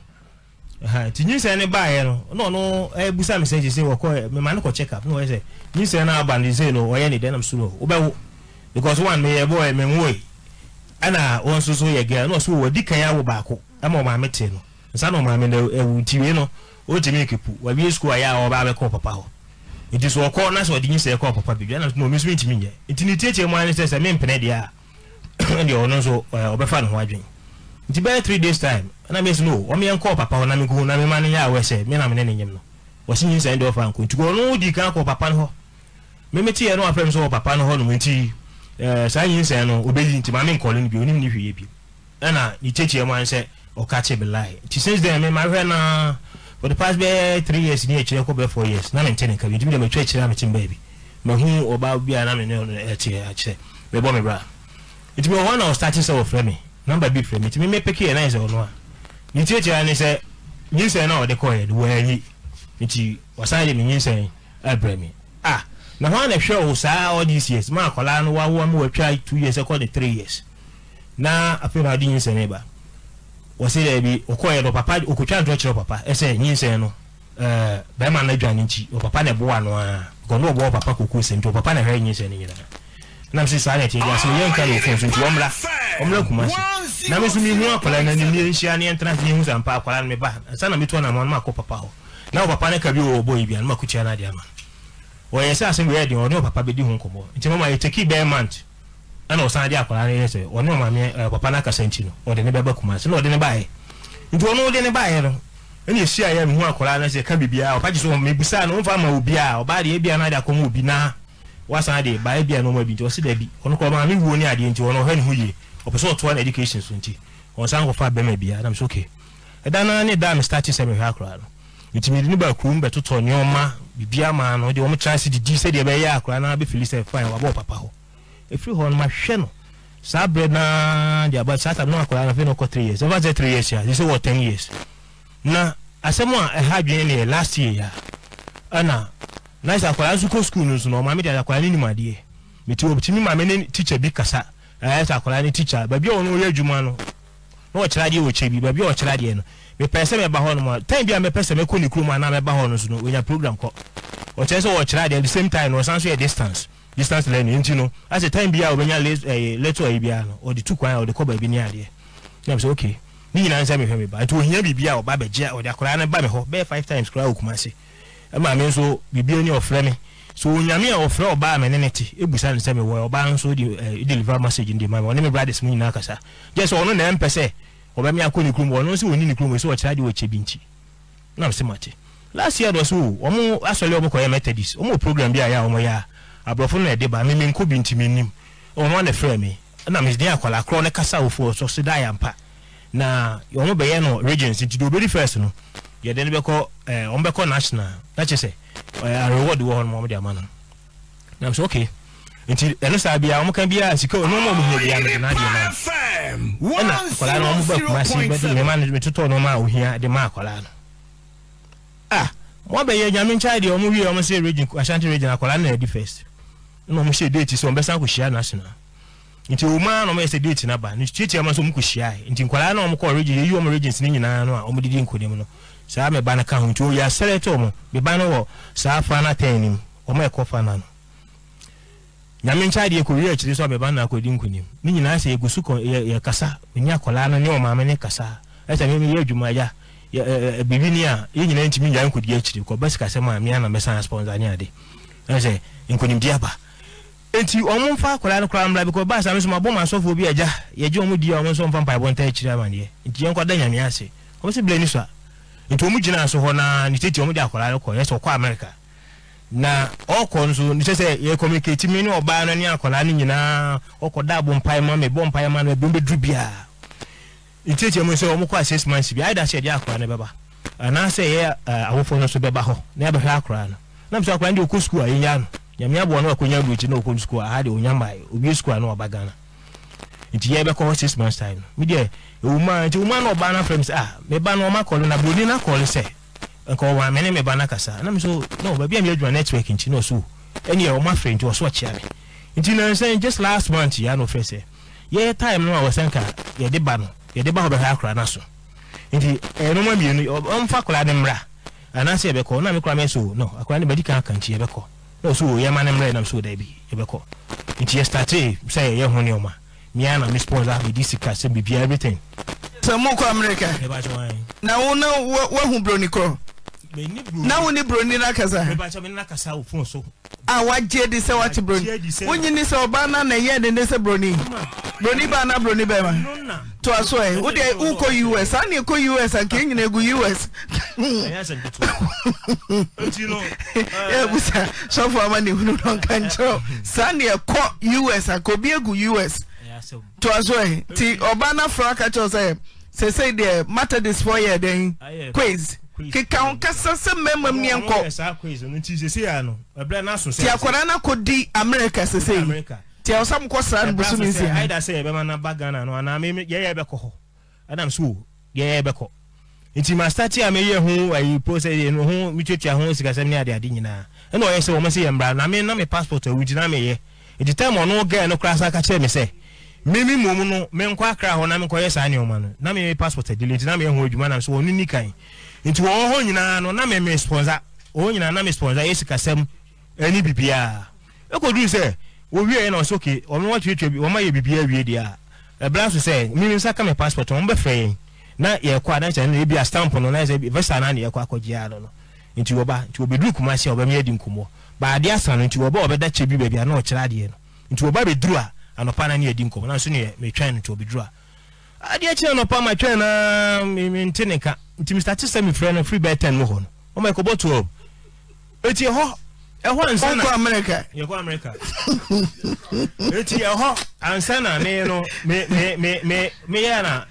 nti nyinsɛ ne baayɛ no na ɔno ɛbusa eh, me sɛ gye sɛ wɔkɔ eh, mema no kɔ check up na wɔyɛ sɛ nyinsɛ no aba ne sɛ no ɔyɛ ne dɛnam so no wobɛwo because one meyɛ bɔɛ memwoe ɛna wɔn nso so yɛ gɛɛ ɛna ɔso wɔdi kan awo baako ɛma ɔmaame te no nsa na ɔmaame no ɛwu tiwie no ɔtumi ekepu wawie sukuu ayɛ a ɔba abɛkɔ papa hɔ nti so ɔkɔ na sɛ ɔde nyi sɛ ɛkɔ papa bi ɛna ɔmi nso ntumi nyɛ nti ne tietie mu ani sɛ sɛ mi mpene deɛ a (coughs) ɛdeɛ ɔno nso ɔbɛfa ne ho adwene nti bɛyɛ three days time ɛna mi sɛ no ɔmi yɛn kɔ papa hɔ na mi gu na mi ma ne yɛ awɔ sɛ mi na mi ne ne nyɛm no wɔsi papa no hɔ mɛmɛ ti yɛ no papa no hɔ nom saa nyinsɛn no obɛyi nti maame nkɔle no bi onim ne hwee bi ɛna ne kyekyeɛ mu an sɛ ɔka kye belae nti since then me mahwɛ na for the past bɛɛ three years ne akyirɛ kɔ bɛɛ four years na mente ne ka bi ntimi dɛ matwa akyirɛ a mete mbaa bi mahu ɔbaa bi a na mene ɛkyeɛ akyerɛ mebɔ me bra nti me ɔhɔ na starting sɛ wɔfrɛ me number bi frɛ me nti me mepeke yɛ na yɛ sɛ ɔno a ne kyekyeɛ ne sɛ nyinsɛn na ɔde kɔɛ no wɔayi nti wɔsan de me nyinsɛn abrɛ me ah na hwan na ɛhwɛ wo saa all these years ma akwadaa no wawoa mu wɔatwa two years ɛkɔ ne three years na afei na ɔde nyinsɛn ne ba wɔsi dɛbi ɔkɔɛ no papa ɔkotwa ntɔ kyerɛ papa ɛsɛ nyinsɛn no ɛɛ bɛrima no adwa ne nkyi ɔpapa na ɛboa no aa gɔnɔ ɔbɔ papa koko sɛm nti ɔpapa na ɛhwɛ nyinsɛn ne nyinaa nam sɛ saa na ɛte ɛdi ase yɛn nka na ofun so nti wɔmla mra kuma se na mi mi hu akwadaa na ne mmiri nhyia ne ntena ba na mi to na papa na ne ka bi wɔ ɔbɔ na wɔyɛ sɛ asɛm yɛ papa ɔne ɔpapa bɛdi ho nkɔmmɔ nti mama yɛtɛki bɛɛ mant ɛna ɔsan de akwadaa no yɛ sɛ ɔne ɔmame ɛ papa no akasa nti no ɔde ne bɛba kuma sɛ na ɔde ne baeɛ nti ɔno de ne baeɛ no ɛna ɛhyia yɛ mehu akwadaa no sɛ ka biribiaa ɔpa gye so mebusaa no womfa ma obiaa ɔbaa deɛ ebia no ade akɔma obi na wasan de baeɛ bia no ɔma bi nti ɔse da bi ɔno kɔ ɔmaa me wuo ne nti ɔno ɔhwɛ ne ho yie ɔpɛ sɛ ɔtoa education so nti ɔnsan kɔfa bɛma biaa nam sɛ okay ɛda no ne da me starte sɛ mehwɛ akwadaa no nti mede ne baa kurom bɛtotɔ nneɔma biribia maa no de wɔm kyerɛ se didi sɛdeɛ bɛyɛ akora na bɛfiri sɛ fine wabɔ papa hɔ ɛfiri hɔ no mahwɛ no saa berɛ na de aba saa tam no akora no afei no ɔkɔ three years ɛfa sɛ three years ya, sɛ sɛ wɔ ten years na asɛm a ɛha adwene neɛ last year ya, ɛna na sɛ akwadaa nso kɔ sukuu no nso na ɔmaa mi de akwadaa ne nim adeɛ meti obitumi maame ne teacher, bi kasa ɛyɛ sɛ akwadaa ne tikya baabi a ɔno ɔyɛ adwuma no na ɔkyerɛ adeɛ wɔ kyɛ bi baabi a ɔkyerɛ adeɛ no mepɛ sɛ mɛba hɔ nom a time bi a mɛpɛ sɛ mɛkɔ ne kurom anaa mɛba hɔ no so no ɔnya program kɔ ɔkyerɛ sɛ wɔkyerɛ adeɛ the same time no ɔsan so yɛ distance distance learning nti no asɛ time bi a wɔbɛnya letter eh, yi biara no ɔde tu kwan a ɔde kɔ bi ne adeɛ na sɛ okay ne nyinaa nsɛ mehwɛ me ba nti ohia biribi a ɔba bɛgye a ɔde akɔraa no ba me hɔ bɛyɛ five times koraa ɔkuma se ɛma me nso biribia ne ɔfrɛ me so onyame a ɔfrɛ ɔbaa me ne ne te ɛbusa no sɛ mewɔ ɔbaa nso de eh, deliver message no de ma me ɔne me brothers mu nyinaa kasa gye sɛ ɔno na ɛmpɛ sɛ ɔbɛmi akɔ ne kurom ɔno nso wɔ ni ne kurom nso ɔkyerɛ adeɛ ɔkyɛ bi mate last year so ɔmo asɔle ɔmo ya methodist ɔmo program bi a yɛ a ɔmo yɛ a aborɔfo no ɛde ba mímí nko bi nti mi ɔmo ana ɛna akɔla korɔ ne kasa na ɔmo bɛyɛ no regions nti deɛ obedi first no yɛde no bɛkɔ eh, ɔmo bɛkɔ national na sɛ ɛɛ eh, reward wɔ hɔ no ɔmo de ama no okay. nti ɛno saa bia wɔn ka bia sika ɔno mu ɔmo hia bia no na adeɛ no ɛna akwadaa no wɔn ba kuma si bɛdi mɛma no metotɔ nneɛma a ohia de ma akwadaa no a wɔn abɛyɛ nyame nkyɛn deɛ wɔn wie wɔn sɛ regin ashanti regin akwadaa no na ɛdi first ɛna wɔn hyɛ deeti sɛ wɔn bɛsan kɔ hyia no ase na nti wɔn a na wɔn yɛ sɛ deeti na ba ne tiatia ma nso wɔn kɔ hyia nti nkwadaa na wɔn kɔ regin yɛyi wɔn regins ne nyinaa no a wɔn didi nkonim no saa mɛba no ka ho nti wɔyɛ asɛrɛ to wɔn mɛba no wɔ saa fa na nim wɔn ɛkɔ fa no nyame nkyɛn adeɛ kɔ wia akyire so abɛba na akɔdi nkunim ne nyinaa sɛ yɛgu so yɛ kasa ɔnyɛ akwadaa no ne ɔmaame ne kasa ɛsɛ ne yɛ adwuma ya biribi ni a yɛn nyinaa ntumi nnyaa nkɔdi akyire kɔ bɛsi kasa mu a mmea na mɛsan sponsor ne ade ɛsɛ nkunimdi aba nti wɔn mfa akwadaa no koraa mmra bi kɔ baasa no so ma bɔ ma asɔfo bi agya yɛgye wɔn di a wɔn nso mfa mpaebɔ ntaa akyire amaneɛ nti yɛn nkɔda nyame ase wɔn sɛ bilani so nti wɔn gyina so hɔ naa ne tete wɔn de akwadaa no kɔ yɛ sɛ na ọkọ nso nkyɛ sɛ yɛ communicate mi ne ɔbaa no ni akwadaa no nyinaa ɔkɔ da abo mpae ma mɛ bɔ mpae ma no ɛbi bɛ duru bia nkyɛnkyɛn mu nso wɔn kɔ a six months bi ayɛ da sɛ ɛde akwadaa no bɛba anaasɛ ɛyɛ awofo no nso bɛba hɔ na ɛbɛhwɛ akwadaa no na mbese akwadaa no deɛ ɔkɔ sukuu a yɛnya no nyame aboɔ no akɔnya du akyi na ɔkɔ sukuu a ha deɛ ɔnya mmaa obi sukuu a no ɔba ghana nti yɛ bɛkɔ hɔ six months time mi deɛ ewuma nti ewuma no ɔbaa no afrɛ sɛ ah mɛ ba ɔma kɔɔlo na buroni na kɔɔlo sɛ nka ɔwɔ amene meba n'akasa na m so no baabi a adwuma network nti na ɔso ɛne ɛwɔ mafrɛ nti ɔso ɔkyea nti just last month ya sɛ no a wɔsɛ nka yɛde ba no yɛde ba hɔ bɛhwɛ akora no so nti ɛnoma mmienu ɔmfa akora ne mmra anaasɛ yɛbɛkɔ na mekora mɛ so no akora ne aka nti yɛbɛkɔ na ɔso ne mmra so yɛbɛkɔ nti sɛ na wo ne buroni no akasa a wagye di sɛ woakye buroni wonyini sɛ ɔbaa no na ɛyɛ e, ne ne sɛ buroni broni baa na buroni bɛma toa so ɛ wode wokɔ us saa ne ɛkɔ us anka ɛnyina ɛgu us yɛbusa sɔfo ama ne hunu no nka nkyerɛw saa ne ɛkɔ us anka obi agu e us toa so ɛ e, nti ɔbaa no afra ka kyerɛw sɛ sɛsei deɛ matadisfoɔ yɛ dɛn quiz keka eh, ho kasa sɛ mmarima m neɛ nkɔti akwadaa no akɔdi amerika sɛ sɛi nti ɛwɔ sɛ mokɔ sra no bosom nsia adam so o yɛyɛ bɛkɔ nti mastati a meyɛ ho ayi po sɛ no ho metwatua ho sikasɛm ne adeade nyinaa ɛna ɔyɛ sɛ wɔma sɛ yɛ mmra na me na me passport awuti me meyɛ nti tam ɔno gaɛ no koraa sa ka kyerɛ me sɛ mímí mòmù no mi nkɔ akra hɔ na me nkɔ yɛ saa nneɛma no na me mi passport adili nti na me yɛ ho adwuma na mi so wɔn ni kan nti wɔn hɔ nyinaa no na mɛmɛ sponsor wɔn nyinaa na mɛ sponsor yɛ sikasɛm ɛne bibiara ekodu sɛ wowie yɛ na ɔsɛ oke wɔn wɔn atwitwa bi wɔn ayɛ bibiara wie deɛ ɛbla so sɛ mímu nsa ka passport wɔn bɛ yɛn na yɛ kɔ adansi ɛna ebi a stamp no na yɛ sɛ visa na yɛ kɔ akɔgye ano no nti wɔba nti wɔbɛduru kumasi a wɔbɛmi adi nkɔmɔ baade asa no nti wɔba wɔbɛda kyɛ bi baabi a na ɔkyerɛ adeɛ no nti wɔba bɛduru a anɔpa na ne yɛ di nkɔmɔ na nso ne yɛ mɛtwɛn no nti wɔbɛduru a adeɛ kyerɛ no pama twɛ na mente ne ka nti mr te sɛ mefrɛ no free bɛ 10 mu hɔ no ɔma ɛkɔbɔ toɔ ɛti ɛhɔ ɛhɔ ansa na yɛkɔ america ɛti ɛhɔ ansa na no meyɛ na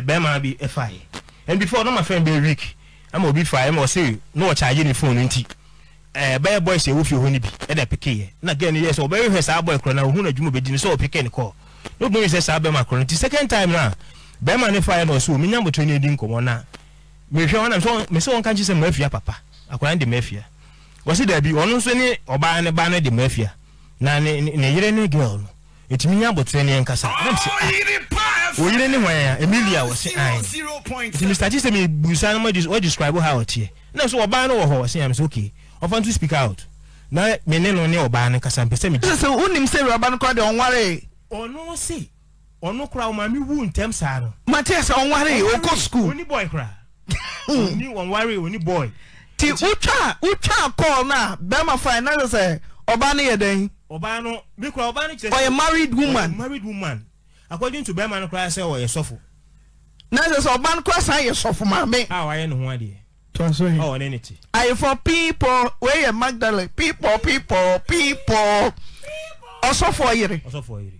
bɛrima bi ɛfaeɛ and before no my bɛ week ama obi fa ɛma ɔse na ɔkyaagye ne phone nti ɛɛ bɛyɛ boys ɛwɔ fie hɔ no bi ɛna pekeyɛ na gɛn ne yɛ sɛ ɔbɛyɛ hwɛ saa boy korɔ na ohun adwuma bɛdi ne sɛ ɔpekɛ ne kɔɔ no gbemi sɛ saa bɛma koro nti second time na bɛma ne fa n'osu na ɔsɛ omi nyamotɔ ne di nkɔmɔ na mehwɛ wɔn nam sɛ mesɛ wɔn ka nkyɛn sɛ papa akwadaa de mmaa fia wɔsi bi ɔno nso ne ɔbaa ne ba ne de mmaa na ne ne yere ne girl no etumi nyamotɔ ne nkasa ɛnam sɛ oyere ne hwan ya emilia wɔsi ayin nti mr chisem no describe how na so ɔbaa no wɔ hɔ wɔsi yam sɛ okay ɔfa nso speak out na me ne no ne ne kasa me. no de ɔno si, ɔno kora ɔma mi wu ntɛm saa no. matthew sɛ ɔnware ɔkɔ sukuu. oni boy kora. oni ɔnware oni boy. ti wotwa wotwa kɔɔ na bɛrima fain na sɛ ɔbaa no yɛ dɛn. ɔbaa no mi kora ɔbaa no kyerɛ. ɔyɛ married woman. ɔyɛ married woman according to bɛrima no kora sɛ ɔyɛ sɔfo. na sɛ sɛ ɔbaa no kora san yɛ sɔfo maame. a wayɛ ne ho adeɛ. tɔnso yi. ɔwɔ ne ne ti. ayefo piipɔ wei yɛ magdalen people? piipɔ piipɔ ɔsɔfo ɔyere. ɔsɔfo ɔyere.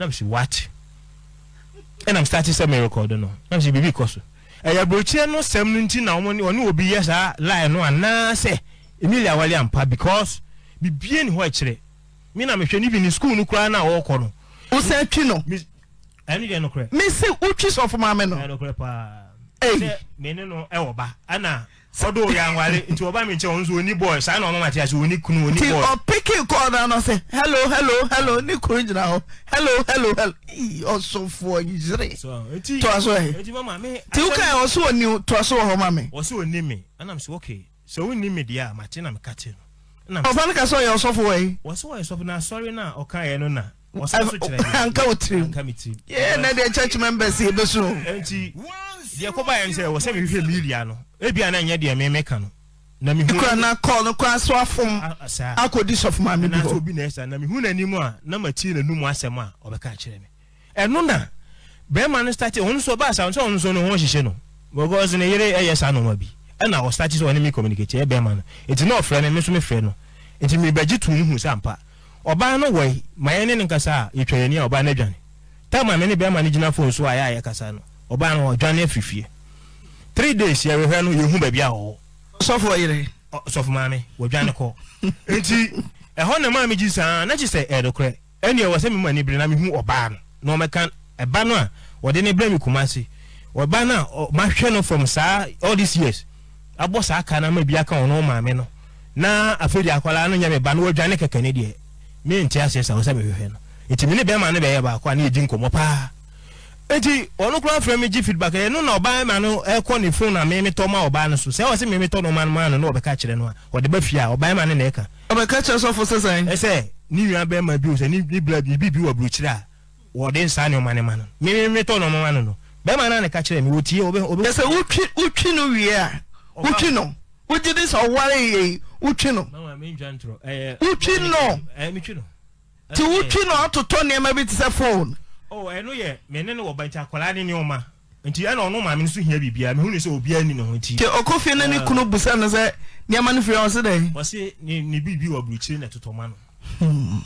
na mi si what ɛna mi start sɛ mi record no na mi si biribi kɔ so ɛyɛ aburokyire no sɛm no nti na wɔn ɔne obi yɛ saa line no anaasɛ emilia wale ampa because bibie ni hɔ akyerɛ mi na mi hwɛ ni bi ni school no koraa na ɔɔkɔ no. wosan twi no. ɛnu yɛ nukurɛ. mi si wotwi sɔfo maame no. ɛnukurɛ paa. ɛyi sɛ mene no ɛwɔ ba ɛna fọdọ yà nwale nti ọba mi nkyɛn wọn nso oni boy saa na ọmọ mati ase oni kunu oni boy. ti ọpiki kọọ na ọ sẹ hello hello hello ni kuru gyina hɔ hello hello hello ɔsofo nyere tọ so ẹ ti wuka yẹ ɔso oni tọ so wɔ hɔ ma mi. ɔso oni mi ɛna mi sɛ ok sɛ o ni mi di a ma ti na mi ka ti. ɔba ne ka sɛ ɔyɛ ɔsofo wɔ yi. wɔsɔ na asɔre na ɔka yɛ no na. (laughs) anka wo tirim yɛ na deɛ church members yɛ bɛ so nti deɛ kɔba yɛn sɛ wɔsɛ mehwehwɛ milia no ebia na nyɛ deɛ memeka no na mehu kura na call no kura so afom akɔdi sɔfo maame bi hɔ obi na ɛsa na mehu n'anim a na mati n'anum asɛm a ɔbɛka akyerɛ me ɛno na bɛrima no start ɔno nso ɔba asa nso ɔno nso no ho hyehyɛ no because ne yere ɛyɛ saa nɔɔma bi ɛna ɔstart sɛ ɔne me communicate ɛyɛ bɛrima no nti na ɔfrɛ me me nso mefrɛ no nti mebɛgye to mu hu sɛ ampa ɔbaa no ma yɛne ne nkasa a yɛtwa yɛni a ɔbaa no adwane tama me ne bɛma no gyina fone so a yɛayɛ kasa no ɔbaa no ɔdwane afifie three days yɛwehwɛ no yɛhu baabi a wɔwɔ sɔfo yere sɔfo maame wɔdwane kɔ (laughs) nti ɛhɔ na maa megye saa na kye sɛ ɛdekorɛ ɛne ɛwɔ sɛ mema ne bere na mehu ɔbaa no na ɔmɛka ɛba no a wɔde ne brɛ me kuma se ɔba no a mahwɛ no from saa all these years abɔ saa ka no bi aka ɔno maame no na afei de no nyɛ me ba no wɔadwane kɛkɛ ne deɛ mi nti aseɛ sɛ ɔsɛ mehwehwɛ no nti mi ne bɛrima no baako a ne yɛdi nkɔmmɔ paa nti ɔno koraa fira mi gye feedback ɛyɛ no na ɔbaa ma no ɛkɔ ne phone na mimi tɔ ma ɔbaa no so sɛ ɔsɛ mimi tɔ no ma no ma no na ɔbɛka kyerɛ no a ɔde ba fie a ɔbaa ma no na ɛka. ɔbɛka kyerɛ sɔfo sisan. ɛsɛ ne nua bɛrima bi o sɛ ne bila bi bi bi wɔ burukyiri a wɔde nsa ne ɔma ne ma no mimi mi tɔ no ma no no bɛrima no a ne ka kyerɛ mi wɔ tie ɔbɛ. ɛsɛ wotwi wotwi no wie a wotwi no wotwi ni sɛ ɔware yie wotwi no eh, eh, eh, wotwi no nti wotwi no ɔtotɔ nneɛma bi te sɛ phone. ɛno oh, yɛ mene ne wɔba nti akwaraa ne nti ɛna ɔno maame no so hia mehu ne sɛ ni ne ho nti ɔkɔfie no ne kunu busa no sɛ nneɛma no firi ɔ se dɛn ɔse ne biribi wɔ aburukyiri ne totɔma no hmm.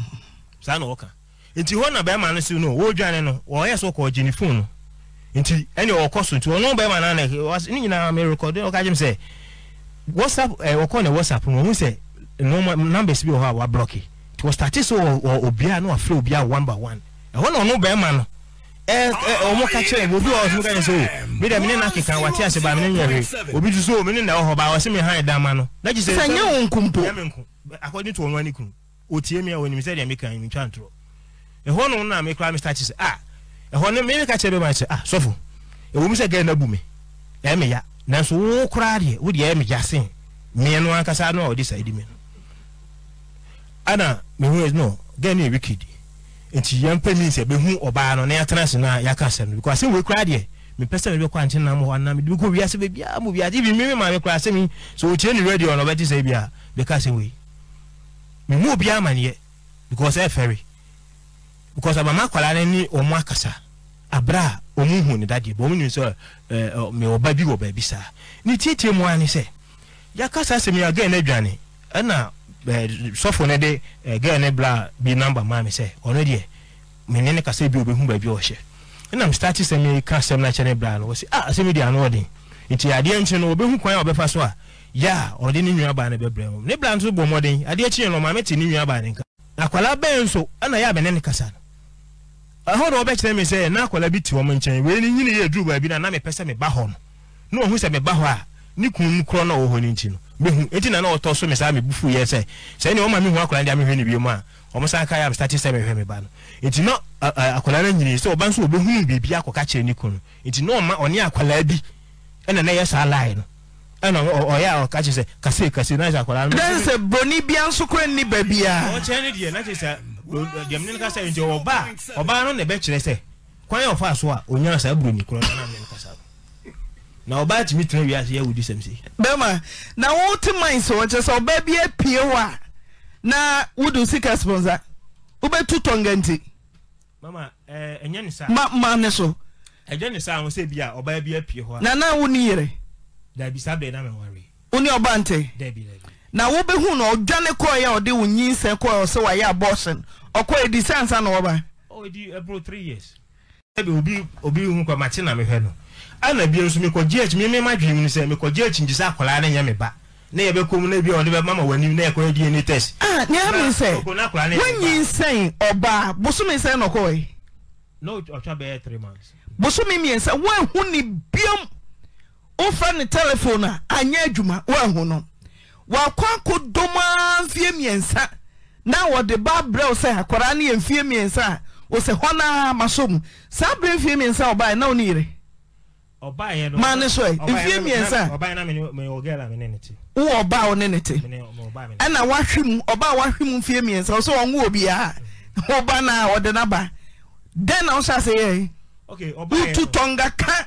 saa na wɔka nti hɔ na bɛrima no so no no wɔyɛ nti ɛne ɔkɔ so nti ɔno bɛrima no ne nyinaa merekɔde ɔka sɛ whatsapp ɛɛ eh, wɔkɔ na whatsapp no wɔn sɛ nneɛma numbers bi wɔ hɔ a wablɔki nti wɔstate so wɔ wɔ obiara na wafrɛ obiara one by one ɛhɔ eh, eh, na ɔno bɛrima no ɛɛ ɛɛ wɔn ka kyerɛ obi wɔ ɔsoro kan sɛ o mi dɛ mi ne na keka wate ase ba mi ne nyɛ hwee obi tu so o mi ne na ɛwɔ hɔ ba wɔsi mi han ɛdan ma no n'akyi sɛ sɛ nye wɔn nkumpo akɔni to wɔn ani kunu otie mi a wɔnim sɛ deɛ mi kan mi twa ntorɔ ɛhɔ no na mi kura mi start sɛ ah ɛhɔ no mi ne ka kyerɛ bɛrima sɛ ah sɔfo ɛwɔ mu sɛ gɛɛ na bu mi ɛɛ mi ya nanso wo koraa deɛ wo deɛ ɛmɛ gyase meɛ no ankasa no a ɔde saa di mi no ana mehu no gɛn no yɛ wicked nti yɛn pɛ mi sɛ mehu ɔbaa no na yɛatena ase no a yɛaka asɛm no because asɛm wo koraa deɛ mepɛ sɛ mebɛkɔ ankye nam hɔ anam de mekɔ wiase baabiaa mu wiase bi meme maame koraa asɛm yi sɛ ɔkyerɛ ne radio no ɔbɛte sɛ bi a bɛka asɛm wei mehu obiaa amanneɛ because ɛfɛre because abama akwadaa no ne ɔmo akasa abra ɔmu hu ne dadeɛ bɔ ɔmu nim sɛ mewɔ ba bi wɔ baabi saa ne tietie mu ara ne sɛ yɛaka saa asɛm yi agɛn no adwane ɛna sɔfo no de gɛn no bla bi namba maa me sɛ ɔno deɛ mene ne kasa bi obɛhu baabi ɔhyɛ ɛna mestarte sɛm yi ka asɛm no ne bla no wɔse ah asɛm yi deɛ ano ɔden nti adeɛ nkyene no wɔbɛhu kwan a wɔbɛfa so a yɛ a ɔde ne nwa baa no bɛbrɛ mu ne bla nso bɔ mmɔden kasa ɛhɔ na wɔbɛkyerɛ mi sɛ na akwadaa bi te wɔn nkyɛn wei ni nyini yɛ duru baabi na na mepɛ sɛ meba hɔ no na wɔn ho sɛ meba hɔ a ne kun korɔ na ɔwɔ hɔ ne nti no mehu eti na na ɔtɔ so me saa me bufu yɛ sɛ sɛ ne wɔn ma mi hu akwadaa deɛ mehwɛ ne bi mu a wɔn san kaa yɛ abisate sɛ mehwɛ me ba no eti na akwadaa no nyini sɛ ɔba nso ɔbɛhunu biribi akɔ kakyɛ ne kun eti na ɔma ɔne akwadaa bi ɛna na yɛ saa line no ɛna ɔyɛ a ɔka kyerɛ sɛ kase kase na yɛ sɛ akwadaa no. dɛnsɛ broni bia nso ni baabi deɛ mene ka sɛ nti ɔba a ɔbaa no na ɛbɛkyerɛ sɛ kwan a so a ɔnyaa saa buroni korɔ no na mene kasa na ɔbaa tumi tena wiase wudi wodi sɛm sei bɛma na wote man sɛ ɔkyɛ sɛ ɔbaa bi apie hɔ na wode sika sponsa tu tɔnga nti mama ɛnyɛ ne nisa ma ma ne so ɛnyɛ ne saa ho sɛ bi a ɔbaa bi apie hɔ na na wo ne yere dabi saa bɛɛ na mɛware wo ne ɔba ntɛ dabi dabi na wobɛhu na ɔdwane kɔɛ a ɔde wo nyinsɛ kɔɛ ɔsɛ wayɛ abɔsen ɔkɔ ɛdi sɛ ansa na wɔba obi hu kɔ makye na mehwɛ no ana bia nso mekɔgye akyi meme madwene mu no sɛ mekɔgye akyi ngye sɛ akwaraa no nyɛ me ba ah, na yɛbɛkɔ mu no bi ɔde bɛma ma w'anim na yɛkɔyɛ dna test neame sɛ woanyi nsɛn ɔbaa bosome sɛn na ɔkɔɛ bosome mmiɛnsa woahu ne biam wofrɛ ne telephone a anyɛ adwuma woahu no wakɔ akodɔm a mfie mmiɛnsa na wɔde ba brɛ wo sɛ akwaraa no yɛ mfie mmiɛnsa a wo sɛ hɔ no a maso mu saa berɛ mfie mmiɛnsa ɔbaeɛ na wo ne yere ma ne so ɛ mfie mmiɛnsa wowɔ ɔbaa wo ne ne te ɛna wahwe mu ɔbaa wahwe mu mfie mmiɛnsa wo sɛ ɔnwo obiaa (laughs) woba no a ɔde no ba dɛn na wo hyɛ ase yɛ wotu tɔnga ka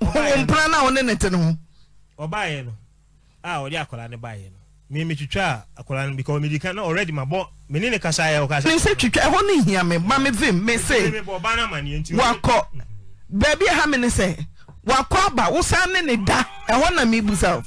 wo mpra no a wo ne ne te no ho a ɔde akwadaa no baeɛ no mímí twitwa akwadaa no because mídi kan na already ma bɔ mene ne kasa yɛ ɔkasa. mi sɛ twitwa ɛhɔ ne hia mi ma mi vi mi se wakɔ beebi ha mi ni sɛ wakɔ aba wosan ne ne da ɛhɔ na mi busa o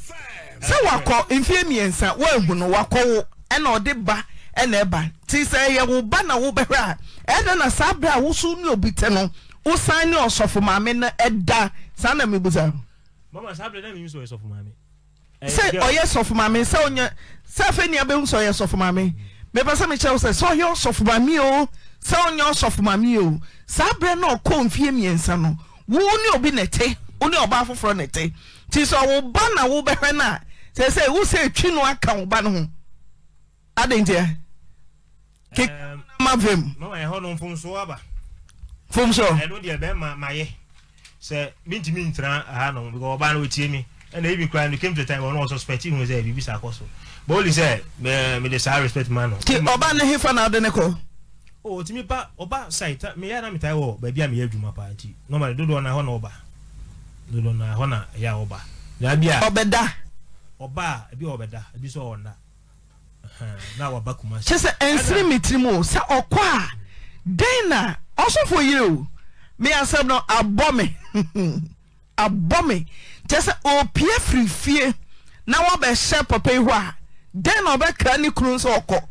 sɛ wakɔ mfie mmiɛnsa wɔahu no wakɔ wo ɛna ɔde ba ɛna ɛba ti sɛ ɛyɛ wo ba na wo bɛhwɛ a ɛna na saa bere a wosu ne obi tɛ no wosan ne ɔsɔfo maame na ɛda saa na mi busa. mama saa bere na mi nso ɔyɛ sɔfo maame sɛ ɔyɛ sɔfo maame sɛ ɔnyɛ sɛ afei nea bɛhu sɛ ɔyɛ sɔfo maame mepɛ sɛ mekyerɛ wo sɛ sɛ ɔyɛ ɔsɔfo o sɛ ɔnyɛ ɔsɔfo maame o saa berɛ na ɔkɔ mfie mmiɛnsa no wo ne obi na ɛte wo ne ɔba foforɔ na ɛte nti sɛ ɔwo ba na wobɛhwɛ no a sɛ sɛ wo sɛ twi no aka wo ba no ho adɛn ntiɛ kekma um, vem eh, fom so ɛno eh, deɛ bɛma mayɛ sɛ mentumi ntena ha no because ɔba no ɔtie mi ɛna ebi kura no came to time ɔno ɔsuspect ihu sɛ biribi sa akɔ so bɔɔli sɛ mɛɛ mɛde saa respect ma ti ɔba ne hefa na ɔde neko. kɔ. Oh, o ti mi ba ɔba site mi yɛ anamita wɔ oh, baabi a mi yɛ adwuma paa ti normally dodoɔ na hɔ na ɔba dodoɔ na hɔ na ɛyɛ ɔba na bi obeda. ɔbɛda. ɔba ebi ɔbɛda ebi sɛ ɔnda na waba kuma si. kyesɛ nsiri mi tiri mu sɛ ɔkɔ a den na ɔsofo yire o mi asɛm no abɔ mi (laughs) kyɛ sɛ ɔpie firi fie na wabɛhyɛ papa yi hɔ a dɛn na ɔbɛkra ne kunu sɛ ɔkɔ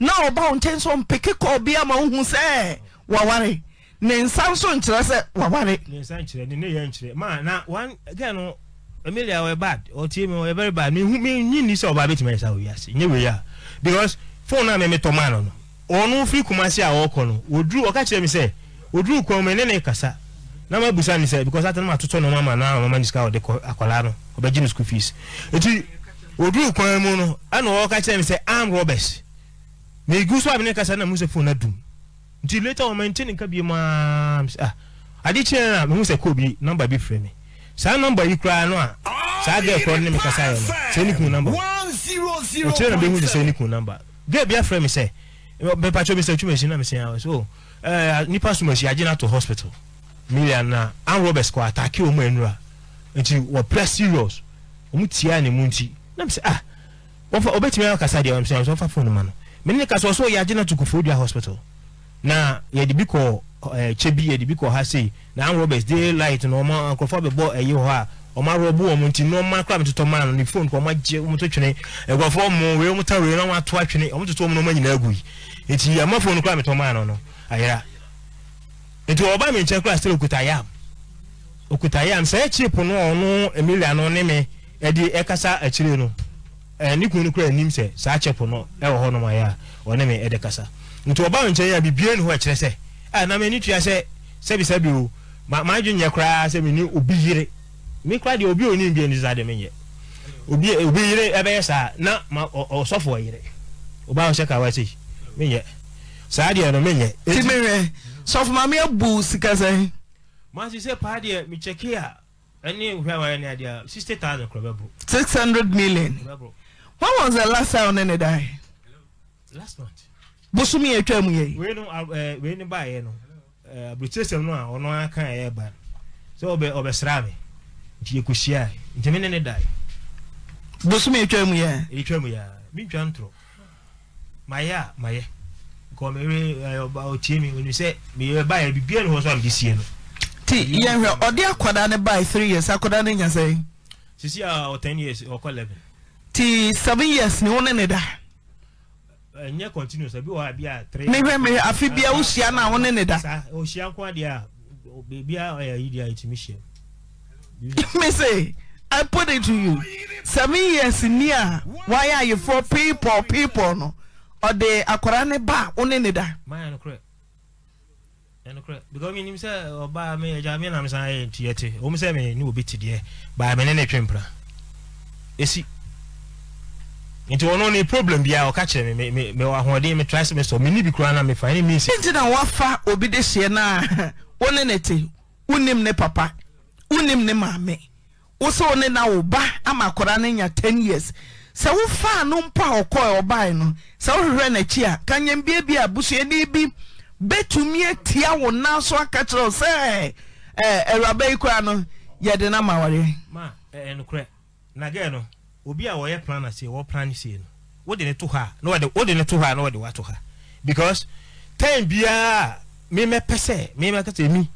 na ɔba wo nkyɛn sɛ ɔmpeke kɔɔ bi ama wohu sɛ waware ne nsa nso nkyerɛ sɛ waware ne nsa nkyerɛ ne ne yɛ nkyerɛ ma na wan gɛn no emilia ɔyɛ bad ɔtie mi ɔyɛ very bad mi hu mi nyi ni sɛ ɔba abɛtumi ayɛ sɛ ɔyɛ ase nye wei because phone naa mi mi tɔ maa no no ɔno firi kumasi a ɔkɔ no oduru ɔka kyerɛ mi sɛ oduru kɔn mu ne ne kasa na ma busa ne sɛ because atene ma atotɔ ne ɔmama na ɔmama ne sika ɔde akwadaa no ɔbɛgye ne school fees eti oduru kwan mu no ɛna ɔka kyerɛ me sɛ arm robbers na egu so abene kasa na mu sɛ phone adum nti later ɔma nti ne nka bie mu aa ah ade kyerɛ na mehu sɛ kɔɔ bi number bi frɛ me saa number yi koraa no a saa girl korɔ ne mi kasa yɛ no sɛ kun number ɔkyerɛ na bɛhu sɛ ne kun number girl bi afrɛ me sɛ mepatwɛ me sɛ si na mi sɛ so nipa sumasi agye na to hospital million na an roberts kɔ atake wɔn anura nti wɔpla serious wɔn tia ne mu nti nam sɛ ah di, ɔbɛtumi akasa deɛ wɔn sɛ wɔfa phone ma no mene ne kasa ɔsɔ yagye na tukufo dua hospital na yɛde bi kɔ ɛɛ kyɛ bi yɛde bi kɔ ha sei na an roberts day light na wɔn nkorɔfoɔ abɛbɔ ɛyi hɔ a wɔn arɔbu wɔn nti na wɔn akora mi totɔ maa no ne phone kɔ wɔn agye wɔn to twene ɛgɔfoɔ wɔn wei wɔn ta wei na wɔn ato atwene wɔn toto wɔn na wɔn nyinaa agu yi nti yamafo no kora mi tɔ maa no no ayera nti ɔba mi nkyɛn kora sɛ okuta yam okuta yam sɛ ɛkyiri po no ɔno emilia no ne mi ɛde ɛkasa akyire no ɛɛ ne kunu kora anim sɛ saa kyɛ po no ɛwɔ hɔ nom ayɛ a ɔne mi ɛde kasa nti ɔba mi nkyɛn yɛ bibie ne hɔ ɛkyerɛ sɛ ɛɛ na mi ni tua sɛ sɛbisɛbi o ma maa dwi nyɛ koraa sɛ mi ni obi yire mi kora deɛ obi onim bi ɛni saa de mi yɛ obi obi yire ɛbɛyɛ saa na ma ɔsɔfo ɔyire ɔba ɔhyɛ kawa se mi yɛ saa deɛ no mi yɛ. ti mi yɛ. sọfọ maame ebu sika sẹhin. maa si sẹ paa deɛ mi kyɛkɛ a ɛne nhwɛ awa ɛne adeɛ sixty thousand kura bɛ buru. six hundred million when was the last time ɔne ne die. last month. bosomi yɛ twɛ mu yɛ yi. wei no ɛɛ wei ni baa yɛ no ɛɛ aburukyesɛm no a ɔno aka yɛ ba sɛ ɔbɛ ɔbɛ sra mi nti yɛ kusia nti mi ne ne die. bosomi yɛ twɛ mu yɛ. yɛ twɛ mu yɛ mi ntwa ntoro mayɛ a mayɛ kɔmiri ɔba ɔtie mi onu sɛ meyɛ ba yɛ bibiɛ ni hɔ so a mi sie no. ti yɛn hwɛ ɔde akwadaa ne baa three years akwadaa ne nya sɛ. sisi a ah, ɔ ten years ɔkɔ eleven. ti seven years ni wɔn ne da. ɛnyɛ eh, continuous ebi wɔ ha bi a ah, three. ne hwɛ mi afi bia o ah, hyia na wɔn ne da. sa o hyia nko adeɛ a beebi a ɔyɛ yi deɛ ɛtumi hyia. mi se i put it to you seven years ni a wayɛ ayeforɔ people people no ɔde akwara ne ba wo ne ne da because mi nim sɛ ɔbaa mi ɛgya mi nam san ayɛ tiɛ te wɔn sɛ mi ni obi ti deɛ baa mi ne ne twɛn esi nti wɔn ni problem bi a ɔka kyerɛ mi mi mi wɔ ahoɔden mi try semester mi ni bi kura na mi fa ɛni mi nsi. nti na wafa obi de seɛ na wɔn (laughs) ne ne te wunim ne papa wunim ne maame wosɛ na wo ba ama akwara ne ten years sɛ wofaa no mpo a ɔkɔɔ ɔbae no sɛ wohwehwɛ n'akyi a kanyambie bi a busuani bi bɛtumi atia wo nan so aka kyerɛ sɛ awuraba yi koraa no yɛde no ma wareɛ ma obi a wɔyɛ plan aseɛ wɔ plan sie no wode ne to hɔ a na wɔde wode ne to hɔ a na wɔde wato ha because time biara memɛpɛ sɛ memɛka sɛ mi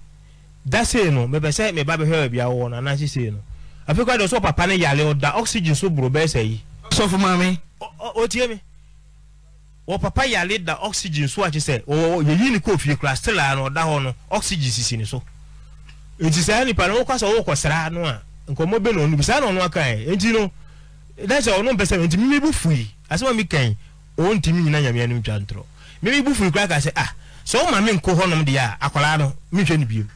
da sei no mepɛ sɛ meba bɛhwɛ baabi a wɔwɔ no anaasɛ sei no afei kora deɛ sɛ papa no yare ɔda oxygen so boro bɛɛ sɛ yi sọfọ maame. o tie mi wọ papa yare da oxygen so akyi sɛ wɔwɔ yɛyi ne kɔ fie kura stila a na ɔda hɔ no oxygen sisi ne so nti saa nipa no wɔkɔ sɛ wɔkɔ sra no a nkɔmɔ bɛ na ɔnu bi saa na ɔno aka yɛ nti no dɛsɛ ɔno mpɛ sɛ nti mímí bu fui asɛm a mi kɛn ɔwɔ ntumi nyina nyamea no twa ntorɔ mímí bu fui kura ka sɛ ah sɛ ɔma mi nkɔ hɔnom deɛ a akwaraa no mi hwɛ ne biem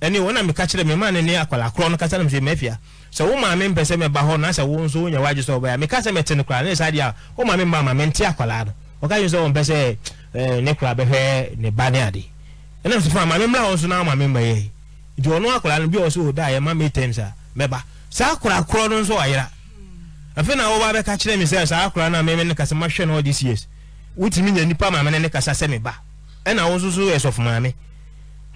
ɛni wɔn na mi ka kyerɛ mi maa ne ne akwaraa korɔ no kasa na mi sɛ mɛfia sɛ wo maame mpɛ sɛ mɛba hɔ na sɛ wo nso wonya wagye sɛ wobɛyɛ meka sɛ mɛte no koraa ne saa deɛ a wo maame mma ma mente akwalaa no ɔka dwen sɛ wɔmpɛ sɛ eh, ne kora bɛhwɛ ne ba ne ade ɛnam sɛ fa maame mmra hɔ nso na maame mma yɛi nti ɔno akwalaa no bi ɔ sɛ ɔda oh, yɛma matems a mɛba saa kora korɔ no nso ɔyera afei na woba bɛka kyerɛ me sɛ saa kora no a meme ne kasa mahwɛ no all these years wotumi nya nipa maame ne ne kasa sɛ me ba ɛna wo nso so yɛ sɔfo maame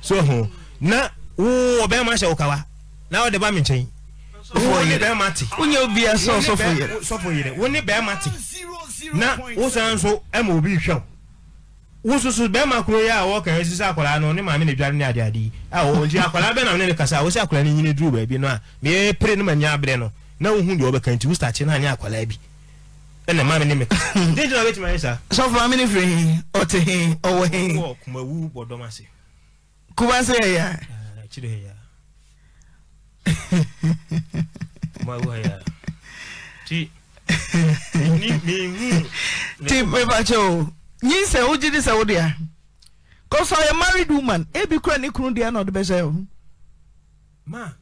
so ho na wo ɔbɛma hyɛ wo kawa na wode ba me nkyɛn wonye obia sɛ ɔsɔfo yere wo ne bɛrima te na wo san nso ma obi hwɛ wo wo soso bɛrima koro yi a wɔkɛrɛ sisi akwadaa no ne maame na edware ne adeade yi a wɔn nti akwadaa bɛn na ne kasa a wosi akwadaa ne nyine duru baabi no a meepere ne ma nya abere no na wohu deɛ ɔbɛka nti wosita akyi na anya akwadaa bi ɛna maame ne meka den gyina bɛtuma yɛ saa. sɔfo maame ne firi hin ɔte hin ɔwɔ hin. wɔ kumawu bɔ dɔm ase. kumase yɛ ya. akyire yɛ ya ti mepakyɛ o nyinsɛ wogye de sɛ wo dea kɔsɔ yɛ married woman ebi kura ne kunu deɛ na ɔde bɛhyɛ o. ma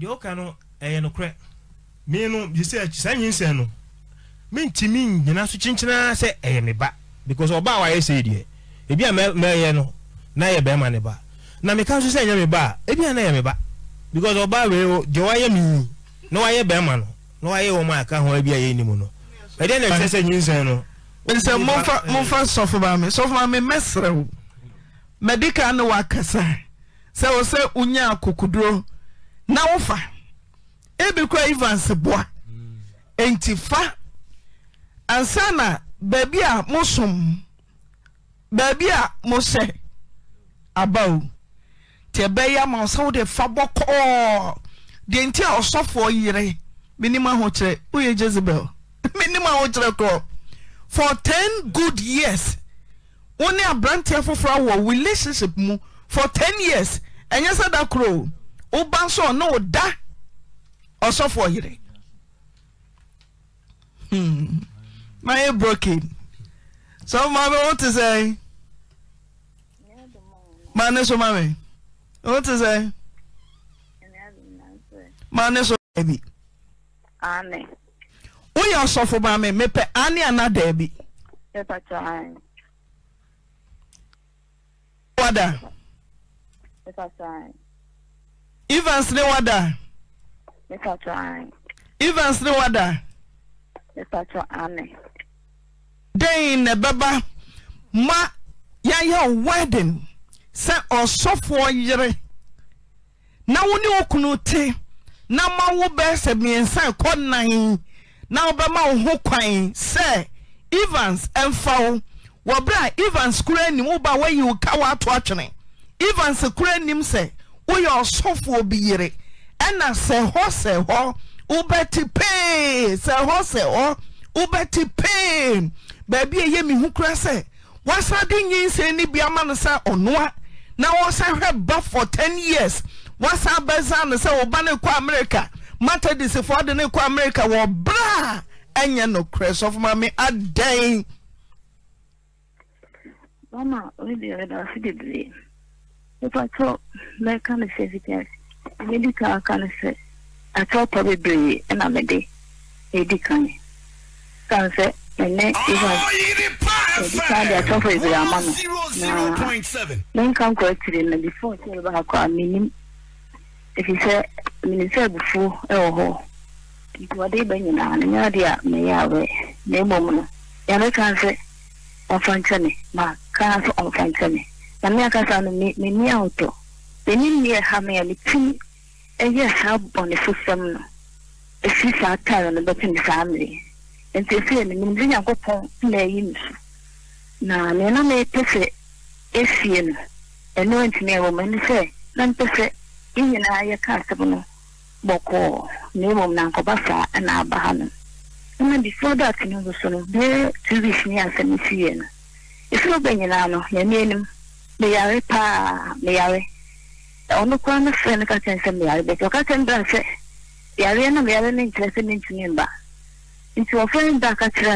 deɛ ɔka no ɛyɛ nokorɛ mi no yi sɛ saa nyinsɛ no mi ntumi nyina so kyenkyenaa sɛ ɛyɛ me ba because ɔbaa wayɛ sɛ e deɛ ebi a mɛyɛ no na yɛ bɛrima ne ba na meka nso sɛ ɛnyɛ me ba ebi a na yɛ me ba because ɔbaa wei o deɛ wayɛ mi yi na wayɛ bɛrima no na wayɛ wɔn a ka ho bi a yɛ nimu no ɛdeɛ na ɛkyɛ sɛ nyinsɛn no. nsɛ momfa momfa sɔfo maame sɔfo maame mɛsrɛ wo mɛdika ne wakasa sɛ wo sɛ wonya akokoduro na wofa ebi kora evans boa nti fa ansa na baabi a mosom baabi a mohyɛ abao deɛ ɛbɛyɛ ama sɛ wode fa bɔkɔɔ deɛ nti a ɔsɔfoɔ yere menim ahokyerɛ woyɛ jezebel menim ahokyerɛ korɔ for ten good years wo ne aberanteɛ foforɔ wɔ relationship mu for ten years ɛnyɛ sɛ da koro woba nso ɔne wo da ɔsɔfoɔ yere hmm. mayɛ broken so, ma bɛ wote sɛ ma ne so ma wote sɛ mane so daabi woyɛ ɔsɔfo ma me mepɛ ane ana daabi wada evans ne wada evans ne wada den na ɛbɛba ma ya yɛayɛ wedding sɛ ɔsɔfoɔ yere na wo ne wo kunu te na ma wo bɛɛ sɛ mmiɛnsa ɛkɔ nan na wobɛma wo ho kwan sɛ evans ɛmfa wo wɔ berɛ a evans kora anim woba woayi wo ka woato atwene evans kora anim sɛ woyɛ ɔsɔfoɔ bi yere ɛna sɛ hɔ sɛ hɔ wobɛte pee sɛ hɔ sɛ hɔ wobɛte pee baabi a ɛyɛ me hu kora sɛ wasade nyinsɛn no bi ama no sɛ ɔnoa na wɔsan hwɛ ba for ten years wɔsan bɛsan no sɛ ɔba ne kɔ america matadisifo ɔde ne kɔ america wɔ bra a ɛnyɛ nokorɛ sɔfo maame adɛn. mama oye de yɛrɛ da ɔsi bebree nipa tɔ mɛka ne sɛ fitiɛ mɛdi kan aka ne sɛ atɔtɔ bebree ɛna mɛde ɛdi kan ne kan sɛ ɛnɛ ivan. ebisande atɔfoyizire ama no menka nkɔakyire no before sɛ sɛ menim sɛ abufuo ɛwɔ hɔ nti wɔde saa bɔne fosɛm no ɛfiri saa tare no na nena na ɛpɛ sɛ ɛsie no ɛno antumi ɛwɔ ma ɛne sɛ na mpɛ sɛ ne nyinaa yɛka no na na nkɔba saa ɛna aba ha no ɛna e before that no nso no bɛɛ two weeks asɛm no nyinaa no anim meyare paa meyare ɔno no no sɛ meyare sɛ na meyare no nkyerɛ sɛ mba nti da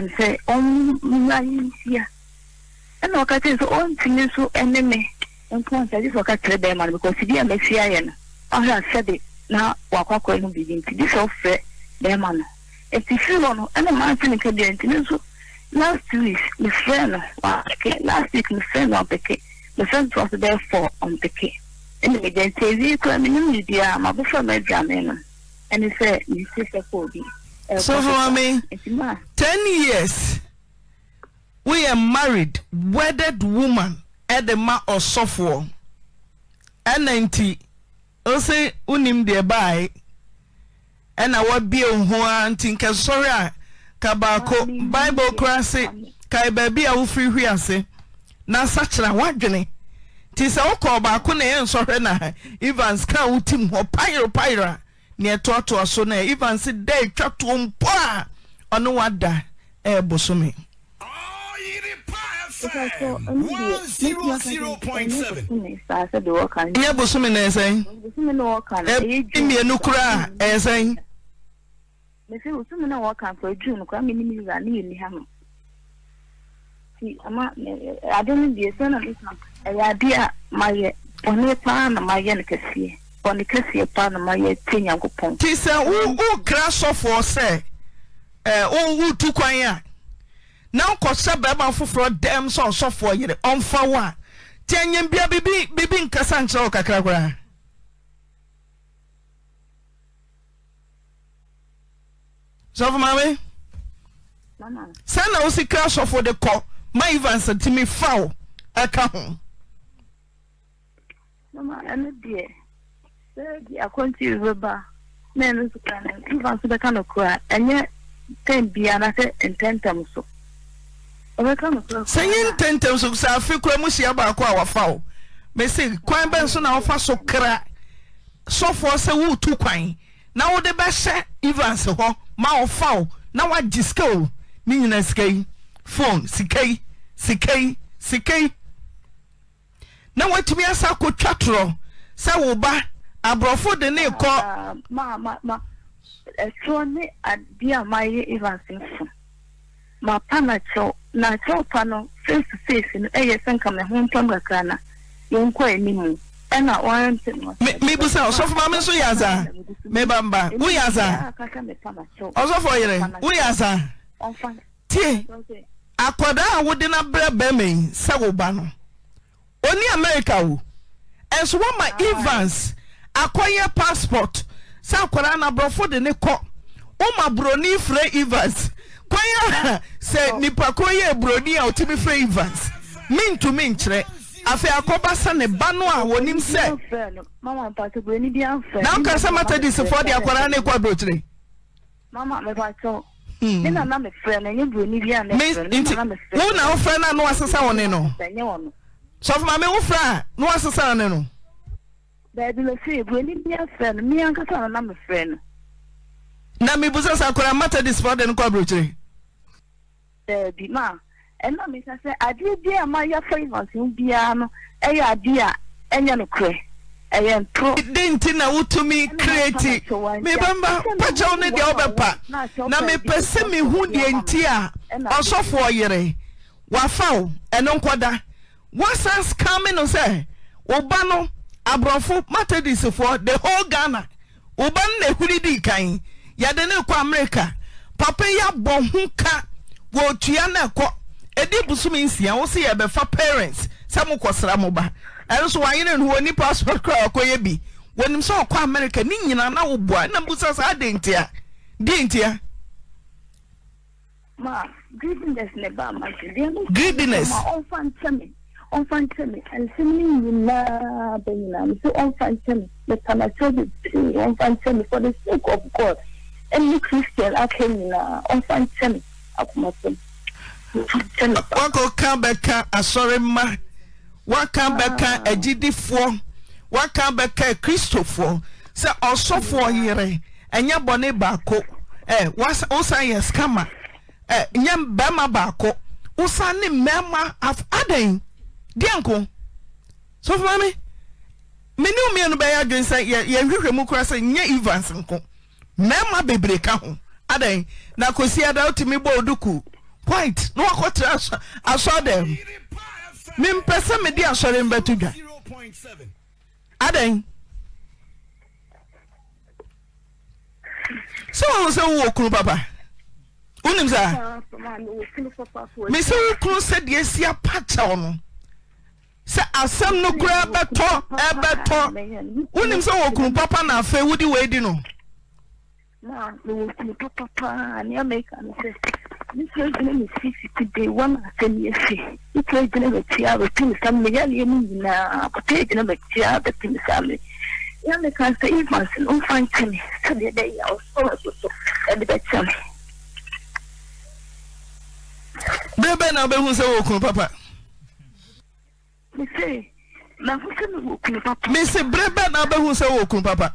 no sɛ ɛna ɔka kyerɛ sɛ ɔntumi nso ɛne me mpo nsɛ sɛ ɔka kyerɛ bɛrima no because bi a masi ayɛ no ɔhwɛ asɛde na wakɔakɔ no biribi nti gye sɛ ɔfrɛ bɛrima no ɛti firi hɔ no ɛna maante ne ka deɛ nti nso last week mefrɛ no wampeke last week mefrɛ no wampeke mefrɛ no toa so bɛyɛ fɔ ɔmpeke ɛna megya nti awie kora menim ne bia mabɔfra ma aduane no ɛne sɛ mesi sɛ kɔɔ bi sɔfo ma me ten years woyɛ marid worded woman de ma ɔsɔfoɔ ɛna nti osɛ wonim deɛ bae ɛna woabiho a nti nkɛ nsɔhre a ka baako bible kora se kabaabi a wofri hase nasakyerɛ w'adwene nti sɛ wokɔɔ baako na yɛ nsɔhɛ no evans ka wotim hɔ payerpaer a ne toatoasono evans dɛtwa toɔmpo a ɔne wadaɛbsome ɛnyɛ bosome na ɛsɛn mmienu koraa ɛsɛn mese wosome na wɔka mfa aduru no koraa menim yira ne yɛni ha no nti ama ade no deɛ sɛ na mesa ɛyɛ ade a mayɛ bɔne paa na mayɛ no kɛseɛ bɔne kɛseɛ paa na mayɛ tie nyankopɔn nti sɛ wokra sɔfoɔ sɛ wowotu kwan a na nkɔhyɛ bɛrima foforɔ dɛm sɛ ɔsɔfoɔ yere ɔmfa wo a tia nyɛ bia bibi bibi nkasa nkyerɛ wo kakra koraa sɔfo maame sɛ na wo sika asɔfo de kɔ ma evans timi fa wo ɛka ho ɛno deɛ sɛ de akɔnti bɛba na ɛno sika no evans bɛka no koraa ɛnyɛ tɛn bia na sɛ ntɛntɛm so sɛ yintɛmntam sosɛafe koraa mu sia baako a wɔfawo mɛsi kwan bɛnso na wofa so kra sɔfoɔ sɛ woretu kwan na wode bɛhyɛ evanse hɔ ma wofawo na wagye sikao ne nyina siki fo sikisiki siki na woatumi asa kɔtwa torɔ sɛ wo ba aborɔfo de nekɔ ah, ma pa na kyɛw ah. na kyɛw pa no face to face no ɛyɛ sɛ nka me ho ntɔm kakra na yɛnkɔ anim ɛna ɔrente no mebusa ɔsɔfo ma me nso yɛ asa meba mba woyɛ asa ɔsɔfo ɔyere woyɛ asa tie akwadaa a wode no brɛ bɛrima yi sɛ wo ba no ɔni america wo ɛnso wama evans akɔyɛ passport sɛ akwadaa no aborɔfo de ne kɔ woma buroni frɛ evans kwan a (laughs) sɛ nipa ko yɛ buroni a ɔtumi fɛ evans mintumi nkyerɛ afei akɔbasa ne ba no a wɔnim sɛ na woka sɛ matadisifoɔ de akwaraa ne kɔ aburokyire hmm. wo na wofrɛ no a na wasesa wo ne no sɔfo ma me wo frɛ a na wasesa wo ne no na mebusa sa akwaraa matadisifoɔ de no kɔ aburokyire daabi ma ɛna mesa sɛ adeɛ bi a mayɛ fɛ nɔsen biara no ɛyɛ adeɛ a ɛnyɛ nokorɛ ɛyɛ ntoro de nti na wotumi kreti mebɛmba pakyɛw no deɛ wobɛpa na mepɛ sɛ mehu deɛ nti a ɔsɔfoɔ yere wafa ɛno nkɔda woasan skame no sɛ wo ba no aborɔfo matadisifoɔ the whole ghana wo ba no na ɛhuri dii kan yɛde ne kɔ amerika papa yi abɔ ho ka wɔtua no ɛkɔ ɛdi bosom nsia wo sɛ yɛbɛfa parents sɛ mokɔsra mo ba ɛnso wayere no wɔ nipa asɔre kora ɔkɔyɛ bi wɔnim sɛ ɔkɔ america ne nyinaa na woboa na busa saa de ntia de ntia ma greediness ne ba ma greediness Ma, nkyɛ me ɔmfa nkyɛ me nsɛm no nyinaa bɛ nyinaa me sɛ ɔmfa nkyɛ me metanakyɛ bebree ɔmfa nkyɛ me for the sake of god any christian aka nyinaa ɔmfa nkyɛ apomɔpem wakɔka bɛka asɔre mma waka bɛka ah. agyidifoɔ waka bɛka kristofoɔ sɛ ɔsɔfoɔ yere ɛnyɛ bɔne baako ɛ wosan yɛ skama ɛ nyɛ bɛrima baako wosan ne mmarima af adan dianko sɔfo maame mene mmienu bɛyɛ adwene sɛ yɛhwehwɛ mu kora sɛ nyɛ evans nko mmarima bebree ka ho adan na kosi ada wotumi bɔ oduku point na wakɔtera asɔ asɔ dɛm mempɛ sɛ mede asɔre mbɛto dwa adan sɛ wɔn sɛ wowɔ kunu papa wonim saa mesɛ wo kunu sɛdeɛ asi apakyɛw no sɛ asɛm no koraa bɛtɔ ɛbɛtɔ e wonim sɛ wɔ kunu papa na afei wode wadi no na mewɔ kunudu papa ne amerika no sɛ metira gyina me sisiti de wɔn asɛm yɛfi metira gyina m'akyi a bɛtu me sam meyareɛ mu nyinaa kɔtɛ gyina m'akyi a bɛtu me sam ne amerika sɛ evans no mfa nkyɛ me sɛdeɛ bɛyɛ ɔsɔre soso ɛde bɛkyɛ me bere bɛɛ na wobɛhu sɛ wɔkunu papa mese mahu sɛ mewɔ kunu papa mese bere bɛɛ na wobɛhu sɛ wɔkunu papa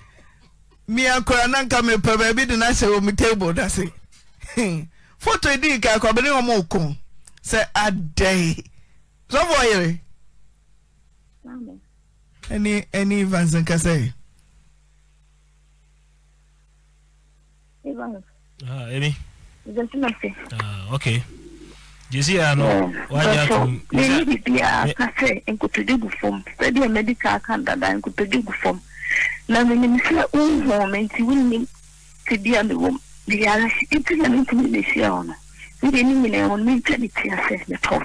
mia kora na nka mepɛ baabi de se wɔ mu table da se foto hmm, edi nka akwabe ne wɔn ko sɛ adɛɛ sɔfo ɔyere ɛni ɛni evans nkasa yi. evans. ah emi. jesi na se. ah okay jesi ya ah, no waje atum. bẹẹni bibi a kase nkotode gu fam sẹbi ẹ mẹdika aka dada nkotode gu fam namenyemesera unvuma nti wonni tebia mewom bialasi ɛti na mentumi mehyia wo no mede ne nyinaa mu no mentwa ne tia sɛ mepawo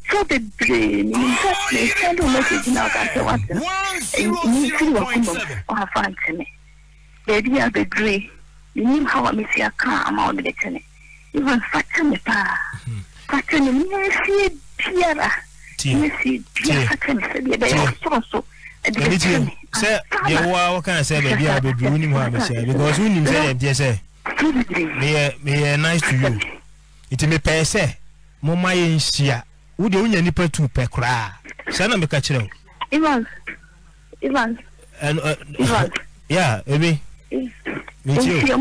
kyerɛw bebree menim sɛ mehyia de wo mɛsɛgi na woka sɛ woatena mentiri wakoma mu woafa nkyene baabi a bebree menim haw a mesia ka ama wo de bɛkyɛ even fakyɛ me paa fakyɛ me measie biara measie biara fakyɛ me sɛdeɛ bɛyɛ wosoro so ɛde bɛkyɛ me sɛ ah, deɛ woa wokaa sɛ baabi a bɛduru wonim hɔ a mesɛ because wonim sɛ yɛdeɛ sɛ meyɛ meyɛ nice to you nti mepɛɛ sɛ moma yɛ nhyia wode wonya nipa tu pɛ koraa saa na meka kyerɛ wo ya ebi metie tie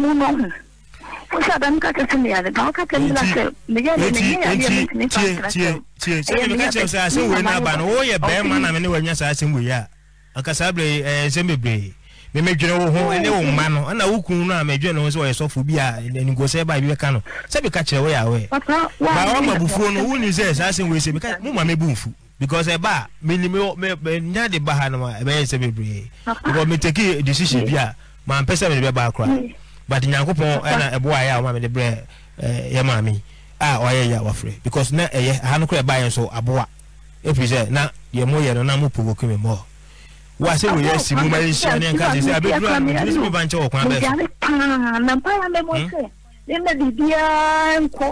tie sɛ meka kyerɛ sɛ asɛm wei no aba no woyɛ bɛrima na me ne wanya saa asɛm wei a akasa abere ɛɛ eh, nsɛm bebree mɛmɛdwene wo ho ɛne oh. wo mma no ɛna wo kunu no a mɛdwene ne ho sɛ ɔyɛ sɔfo bi a anigosɛ ba bi bɛka no sɛ bɛka kyerɛ wo yɛ awɛ baa wama bufuo no wonim sɛ saa sɛm wei sɛ bɛka mo ma mɛbu mfu because ɛba a mi nya de ba ha no a ɛbɛyɛ sɛ bebree because meteki decision bi a mm. mampɛ sɛ mede bɛba koraa mm. but nyankopɔn ɛna ɛboa yɛ a woma mede brɛ eh, yɛ maame a ɔyɛ yɛ wafrɛ because na ɛyɛ ha no kora ɛba yɛ nso na yɛ mo na mo provoke me wase wo yɛ si mu ma yɛ nhyia ne nka te sɛ abɛduru a ntumi sɛ woba nkyɛ wɔ kwan bɛso na mpa ya mɛmɔ sɛ mema biribiaa nkɔ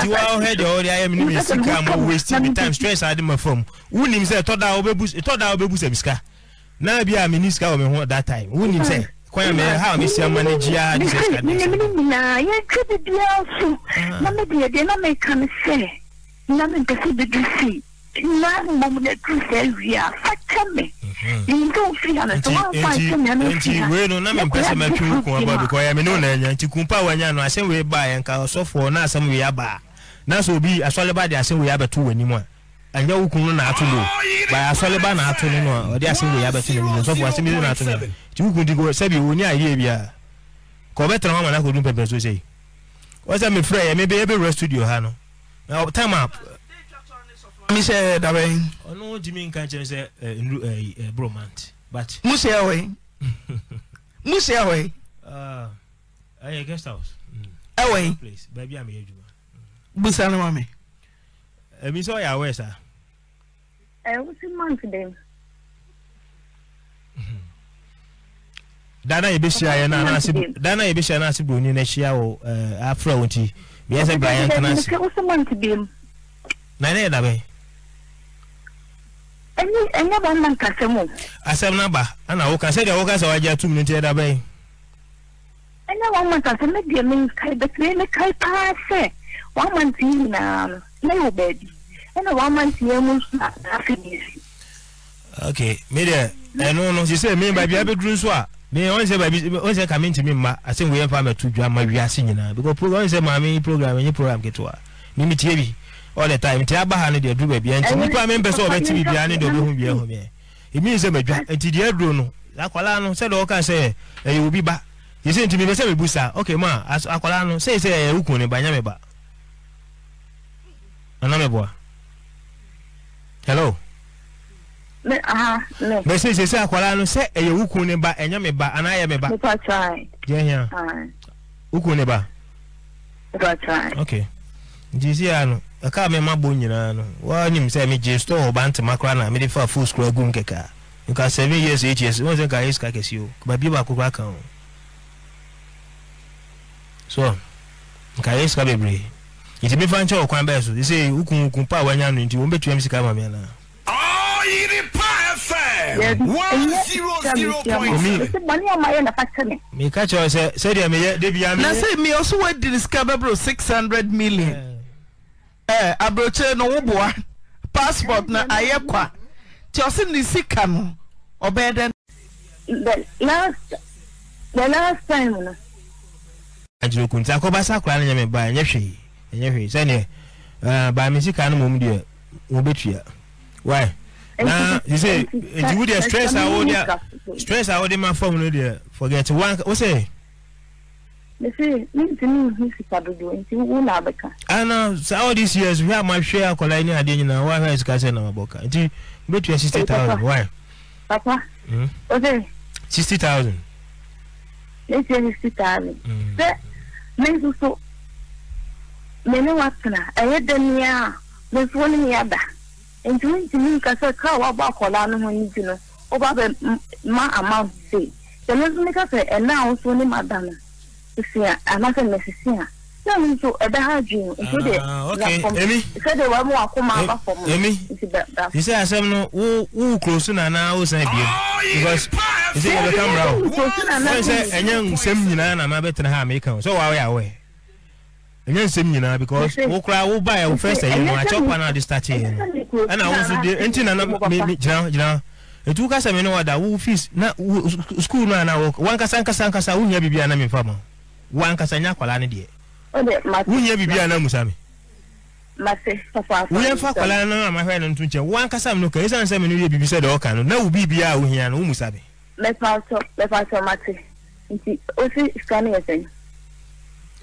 nti wa ɔhɛ deɛ ɔde ayɛ mene me sika ma waste me time stress ade ma fam wonim sɛ ɛtɔda a wobɛbu sɛ sika na bia mene sika wɔ me ho that time wonim sɛ kwan mɛ ha mi si ama ne jia de sɛ sika ne sɛ ne nyinaa yɛntwɛ biribiaa so na medeɛ deɛ na meka me sɛ na mempɛ sɛ bɛdu sii Mhm. na mmom na tu sɛ wie a fa kyɛ me nti wofiri ha no sɛ woamfa nkyɛ me ano firi hawei no na mempɛ sɛ matwi wo kuma ba bikɔ ɛme ne wonaanya nti kumpa a wanya no asɛm wei baa yɛnka ɔsɔfoɔ na asɛm wei abaa na sɛ obi asɔle ba de asɛm wei abɛto w'anim a ɛnyɛ wo kunu na ato no ba asɔle ba na ato no no a ɔde asɛm wei abɛto no mu ɔsɔfoɔ asɛm wei na ato no nti wo kunu di kɔ sɛbi ɔni ayie bi a kɔ ɔbɛtena hɔ ma na akɔdum pɛpɛ so sɛ wɔsɛ mefrɛ yɛ mebɛyɛ bɛwura studio ha no time a mi sɛ daba yi. ɔno jimi nka kyerɛ sɛ ɛ nru ɛ ɛ bromant but. mu sɛ ɛwɔ yi mu sɛ ɛwɔ yi. ɛyɛ guest house. ɛwɔ yi. baabi a mi yɛ adwuma. busa ne ma mi. ɛmi sɛ ɔyɛ awɛ sa. ɛ wosi month dɛm. dana yɛ bɛ hyia yɛ n'anase dana yɛ bɛ hyia n'anase broni n'ahyia wɔ ɛɛ afra wɔn ti bi yɛ sɛ brian kanasi. na ne yɛ daba yi ɛnyɛ ɛnyɛ ba ma nkasɛm o. asɛm n'aba ɛna wo kasɛ deɛ wo kasɛ wagye atum ne ti ɛda bɛyi. ɛnyɛ wa ma nkasɛm ne deɛ mi nkae bɛtɛ mi kae paa sɛ wa ma nti nyinaa no na yɛ wɔ baabi ɛna wa ma nti yɛn mu nso na afi bi esi. ok mi deɛ ɛnu no sise mi baabi abɛduru nso a mi wọn sɛ baabi wọn sɛ kàmi ntumi mma ase wo yɛn fa ma tu dwa ma wi ase nyinaa because program wọn sɛ maame program ɛnyɛ program ketewa mi mi tie bi. all the time nti aba ha no deɛ duru baabi nti nipa mi mpɛ sɛ ɔbɛti bia ne deɛ ɔbɛhu bia ho bia emi nsɛm adwa nti deɛ aduro no akwadaa no sɛ deɛ ɔka sɛ ɛyɛ obi ba yɛsɛ nti mi pɛ sɛ mi bu sa ok no sɛ sɛ ɛyɛ okun ne ba nya mi ba nana mi bua hello. bɛsi sɛ sɛ akwadaa no sɛ ɛyɛ wukun ne ba ɛnyɛ me ba anaa ɛyɛ me ba. nipa try. diɛ hia wukun ne ba. nipa try. ok nti si ɛka me ma bo nyinaa no woanyim sɛ megye store ɔba ntema koraa na mede fa full school agum kɛkaa nka seven years eight years wɔn sɛ sika kɛseɛ o babie baako koraa ka ho so nka ayɛ sika bebree nti mefa nkyɛ wɔ kwan bɛɛ so sɛ wokunwokun pa a woanya no nti wɔn m sika ma me anaa meka kyerɛ sɛ sɛdeɛ meyɛ da biana sɛ me ɔso woadiri sika bɛbrɛ 600 million yeah. Eh, abroche no woboa passport no ayɛ kwa nti ɔse ne sika no ɔbɛyɛ dɛn agyerokunti akɔbasa koraa no nyame ba ɛnyɛ hwee ɛnyɛ hwee sɛneɛ eh, baa me sika no mom deɛ wɔbɛtua why? na sɛ nti wodeɛ stress a wode stress a wode ma fam no forget one sɛ mese mentumi nhu sika dodoɔ nti wo na abɛka ana saa all these years hwɛ a mahwɛ akɔla ne adeɛ nyinaa woahwɛ sika sɛ na mabɔka nti mɛtua sixty thousand why papa ɔsɛ hmm? sixty thousand mɛtua sixty thousand hmm. sɛ me nso so me ne watena ɛyɛ dɛ nea a me nso ne me ada nti mentumi nka sɛ kaa wabɔ akɔla no ho ne bi no woba bɛ ma amount sei sɛ me nso meka sɛ ɛna a wo so ne mada sisia anaasɛ mɛsisia na mi nso ɛbɛ ha dwi nti de lafɔm sɛde wɔn mu akoma e, aba fɔm nti da da. sisi asɛm no wo wo kuro so na na wo san ebien oh, because nti yɛ bɛ kamara o wɔn sɛ ɛnyɛ nsɛm nyinaa na ma bɛ tena ha amerika o sɛ wɔn awɛ awɛ ɛnyɛ nsɛm nyinaa because wo kura wo ba yɛ wo fɛsɛ yɛ no akyɛ kwan na ɔde start yɛ no ɛna wo nso de nti na na mi gyina gyina etu kasa mi no wada wo fees na wo school no a na wo wankasa nkasa nkasa wo nya bibi a ma wankasa nya akwalaa ne deɛ wonyɛ biribi a na musa me woyɛ mfa akwalaa no ama hwɛ no nto nkyɛn wankasa me no ka ɛsiane sɛ no yɛ biribi sɛ deɛ ɔka no na wo biribia a wohia no wo musa me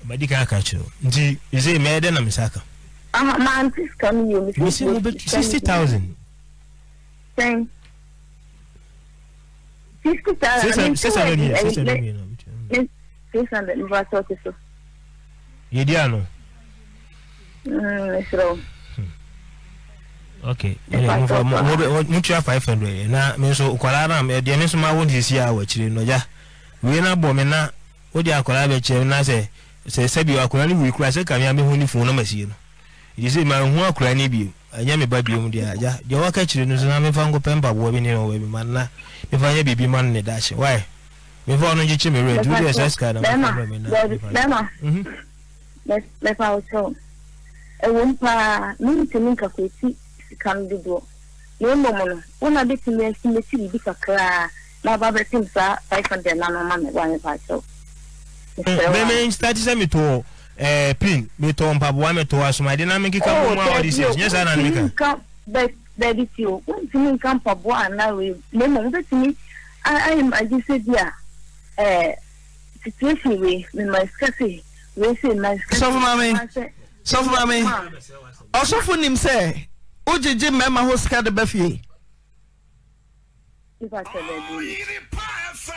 madi kan aka kyerɛ nti ɛsɛ mɛyɛ dɛ na mesa ka mesɛ mobɛtu 60 000 sɛsɛ bɛ mia sɛsɛ bɛ mia no six hundred nfa tọ́tí so. yèdi àná. ɛsrɛ o. ok mutua five hundred na mi nso nkwadaa na deɛ mi nso ma wo nsisi a wɔ akyire no ya na bɔ mi na o de akwadaa bɛ kyerɛ na sɛ sɛ sɛbi akwadaa no wuli kura sɛ kame a mi ho ni funu e, na ma sie no yìí sɛ maa hu akwadaa ni bi ɛnyɛ mi ba biom deɛ ya deɛ wɔaka akyire no nso na mi fa nkɔ pɛ mpaboa bi ne na ɔwɔ bi ma na mi fa nyɛ biribi ma no ne daakye waaye mefa ɔno nkyekye me red wode ɛsa sika na bɛma mɛfa wo pa ɛwɔ m paa mentumi nkakɔti sika no dodoɔ na mmom no wona bɛtumi asi mɛsi biribi kakraa na woba bɛtem saa five hundred na no ma me woanyɛ paa kyɛw mɛmɛ stati sɛ metɔɔ ɛɛ pin metɔɔ mpaboa metɔɔ asomade na mekeka mo mu a ɔde sɛ nyɛ saa na ne meka baabi ti o wontumi nka mpaboa anaa wei na mmom wobɛtumi ayɛ magye sɛ bi a Eh, situation wei mema sika se wei se ma sika sɔfo maame sɔfo maame ɔsɔfo nim sɛ wogyegye mmarima ho sika de bɛ fie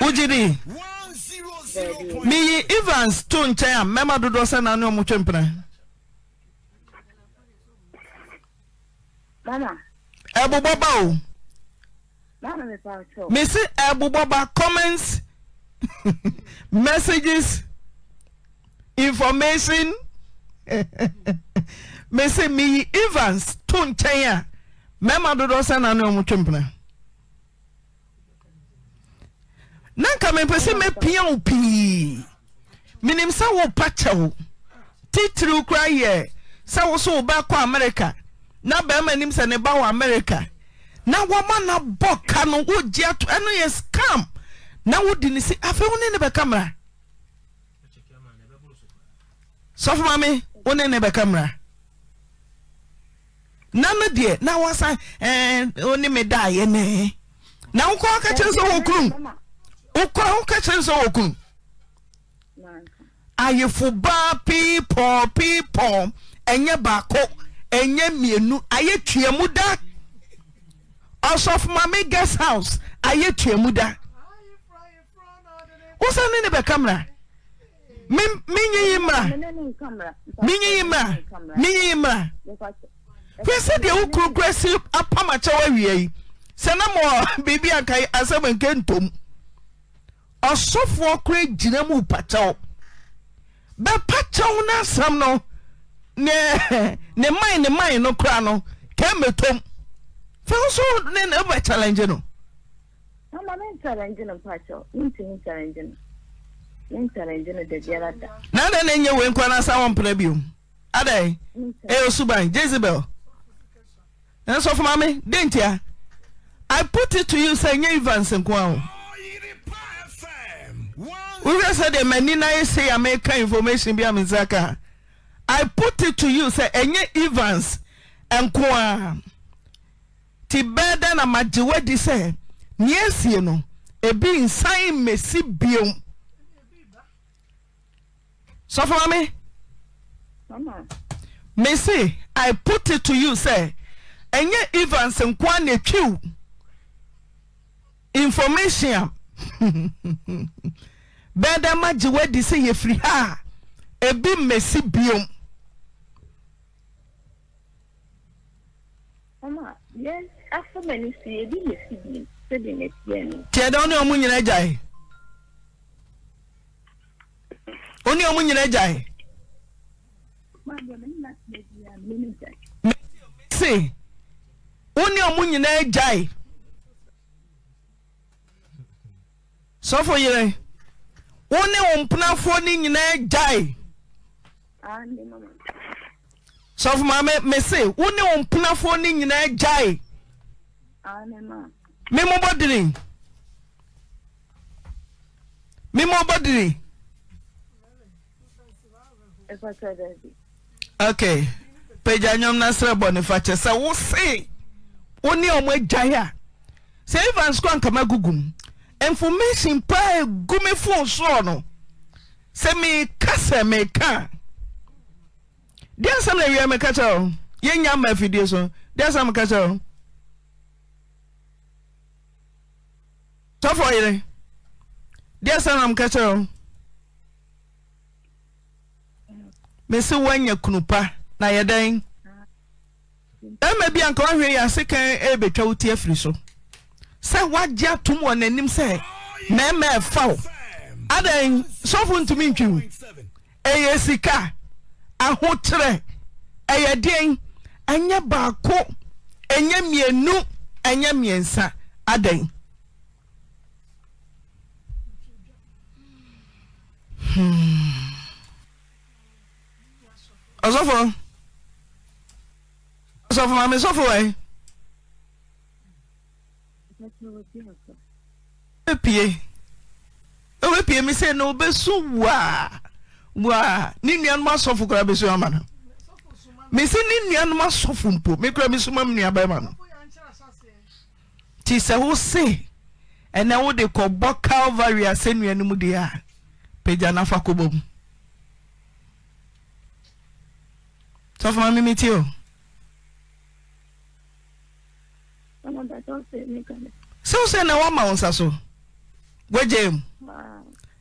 wogye di meyi evans to nkyɛn a mmarima dodoɔ sɛ na ne ɔmo twe mpena ɛbobɔ ba o mesi ɛbobɔ ba comments (laughs) messages information (laughs) me se mei evans to nkyɛn a mɛma dodɔsɛnanm tpa na nka mempɛ sɛ mepia wo pii menim sɛ wo pakyɛwo titiriw kora yɛ sɛ wo so wo ba kɔ amerika na barima nim sɛ ne ba wo amerika na wɔma nabɔ ka no wogya to ɛno yɛ scam na wodi ne si afei wo ne ne bɛka mmara sɔfo ma me ne bɛka mmara na no deɛ na wasa wo ne me daeɛ ne na wokɔ woka kyerɛ sɛ wɔ kurum wokɔ woka kyerɛ sɛ wɔ kurum ayefo baa piipɔɔ piipɔɔ ɛnyɛ baako ɛnyɛ mmienu ayɛ tuamu da ɔsɔfo ma guest house ayɛ tuamu da wo sa ne ne bɛka mara menyi yi mra meyi yi mara menyiyi mmara fei sɛdeɛ wo korokora si apamakyɛw awiai sɛna moɔ (laughs) biribi anka asɛmnkɛ ntom ɔsɔfoɔ kora gyina m wo pa kyɛw bɛpa kyɛ wo no asam no ne (laughs) ma ne man no kora no ka mɛtom fiwuso nenkyalanye no ama mentaranje no mpakyɛ mentumi ntaranje no mentaranje no da biara da na adɛn na ɛnyɛ wei nkora no asa wɔmpena biom adɛn ɛyɛ suban jezebel ɛnsɔfo ma me de ntia i put it to you sɛ nyɛ evans nko a wo wohwɛ sɛ deɛ m'ani na ɛsɛ a meka information bi a me i put it to you sɛ ɛnyɛ e evans nko a ti bɛɛ dɛ na magye wadi sɛ nea esie no ebi nsan mmesi biom sọfọ mami mmesi i put it to you sẹ enye evans nkwa na etwiw information bẹẹdẹ ma gye wadi sẹ yẹ firi ha ebi mmesi biom. Mama, yes, after many see, ebi mmesi biom sɛdeɛ ne teɛ no tiɛ dɛ wo ne ɔmo nyina gyae wo ne ɔmo nyina gyae se wo ne ɔmo nyina gyae sɔfo yerɛ wo ne wo mpenafoɔ no nyinaa gyae sɔfo maame mese wo ne wo mpenafoɔ no nyinaa gyae ɔɔ pagya wɔm no srɛ bɔ ne fakɛ sɛ wo se wonne ɔmɔ agyai a sɛ ɛva scoa nkama gug m mfomesn paa agume fo soɔ no sɛ meka sɛ mekaa deɛ asɛm na awia meka kyɛɛ o yɛnya ma afidie so deɛ asɛmea kyɛo tɔfo yerɛ deɛ sɛ nam kɛ kyɛɛo me se wɔnya kunu pa na yɛ dɛn ɛima bi anka wohwe yɛ asekan ɛbɛtwa wo ti afiri so sɛ woagye atom wɔ n'nim sɛ mɛmaɛfaw adɛn sɔfo ntumi ntwi m ɛyɛ sika ahokyerɛ ɛyɛ deɛn ɛnyɛ baako ɛnyɛ mmin yɛ mmiɛns adɛn ɔsfo hmm. ɔsomamesɔfo abie wobɛpie mese ne obɛsu wo a w a ne nuanom asɔfo korabɛs mama no mesɛ ne nuanom asɔfo mpo me kra mesomamnuabama no nti sɛ wo se ɛnɛ wode kɔbɔ calveriasɛ nnuano mu dea apagya n'afa kɔbɔ mu sɔfo ma mimi ti o. sew sɛ na wama wo nsa so wagya mu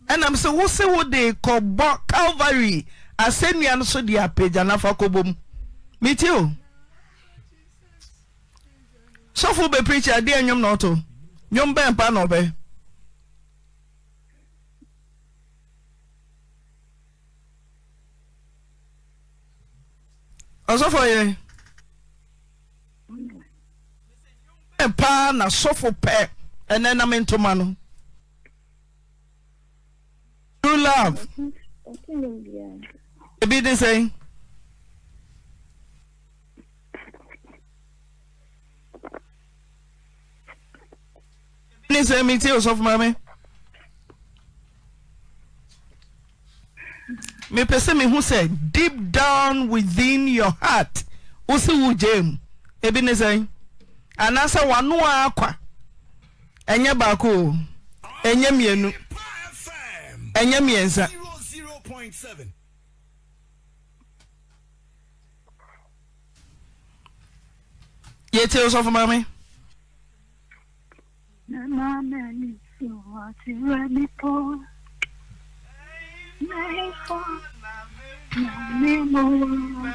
ɛnam sɛ wo se wo de kɔbɔ calvary asɛnnua no so de apagya n'afa kɔbɔ mu miti o sɔfo bɛ preacher adeɛ nnwom na ɔto nnwom bɛn pa na ɔbɛ. ɔsɔfo yɛ pɛ paa na sɔfo pɛ ɛnɛ nam ntoma no true love ebi de sɛn. ne sɛ metie ɔsɔfo maame mepɛ sɛ mehu sɛ deep down within your heart wo se wo gye mu ebi ne sɛn anaasɛ wano a akwa ɛnyɛ baako ɛnyɛ mmienu ɛnyɛ mmiɛnsa yɛtie wo sɔfo maame Mama, I need you, what you let me life on my memory.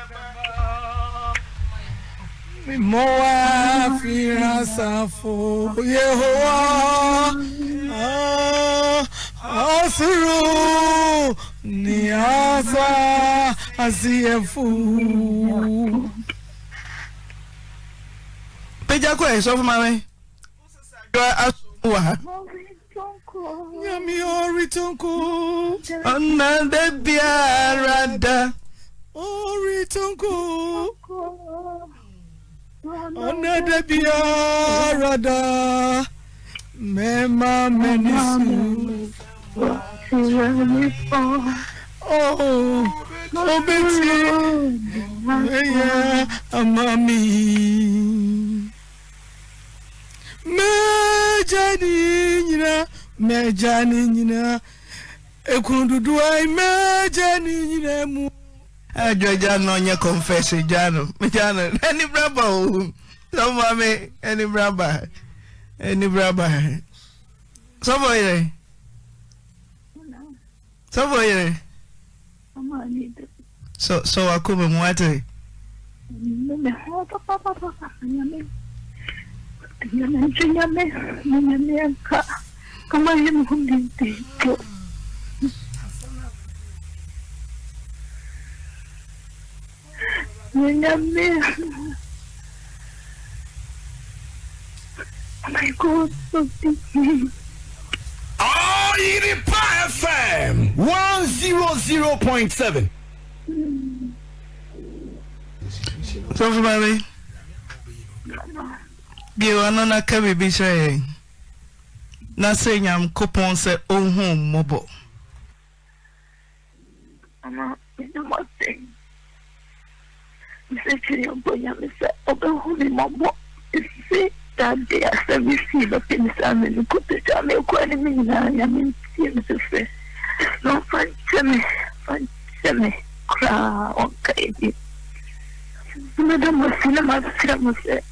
Mo wá fi ránṣà fò Yehowa, ọ̀sùrù ah, ni àṣà àṣìyẹ̀fù. Péjákò ẹ̀ sọ fún ma wẹ́, ìjọ aṣọ wà nyame ɔretonko ɔna da biara da ɔretonko ɔna da biara da mɛma mɛne su oh obeti eya amami mɛgya ne nyinaa mɛgya ni nyinaa ekunu dodo ayi mɛgya ne nyinaa mu. adwa gya no ɔnyɛ confession gya no gya no ɛni braba o sɔfɔ mi ɛni braba ɛni braba sɔfɔ yɛrɛ sɔfɔ yɛrɛ. so so akoma mu wate. nyame nyame nyame nyame nka como yẹn mo di di jọ. Nyanya mi. My God, so big. Oyiripa FM one zero zero point seven. Sọ́fúnmáre, bí ìwà náà ká bèbí sọ na sɛ nyankopɔn sɛ ɔnhu mmɔbɔ mesekyerɛ ɔbɔ nyame sɛ ɔbɛhu me mmɔbɔ ɛsi dade asɛm sii bɛpɛ me saa me nokotagya meɛkɔa ne me nyinaa nyame ntie me sɛsɛ na ɔfa nkyɛ me fa nkyɛ me koraa ɔnka ɛbi mɛda masi na maserɛ mo sɛ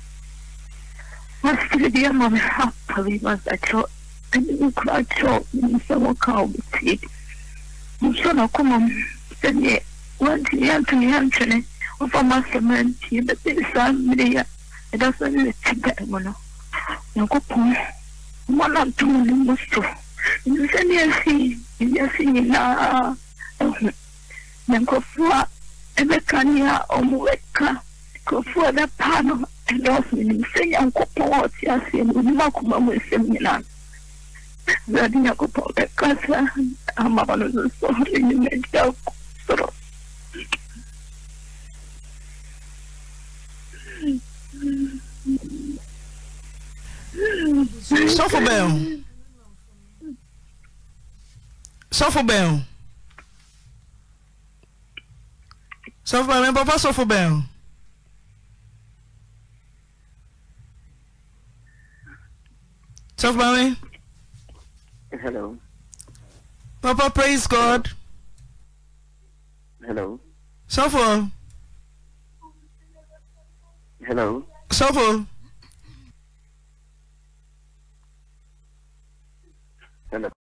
masere bi ama me hapa bi masakyerɛ sɛde wo kora kyerɛ nim sɛ wɔka wo betie nso na koma m sɛdeɛ wantumi yɛantumi yɛantwene wofa ma asɛm antie bɛbɛi saa mmerɛ yi a ɛda sɛ ne yɛti da mu no nyankopɔn ma na ntom ne mu so nti sɛ ne asi ewiase nyinaa ɛho na nkurɔfoɔ a ɛbɛka ne a ɔmo bɛka nkurɔfoɔ a ɛbɛpaa no ɛdɔɔso nim sɛ nyankopɔn a ɔte aseɛ no onim akoma mu asɛm nyinaa zarin ya kutoka kasa ama wanunuzi linginekea kusoro Sofo Bel. Sofo Bel. Sofo Bel, meu papai Sofo Bel. Sofo Bel, Hello. Papa, praise God. Hello. Suffer. Hello. Suffer. Hello.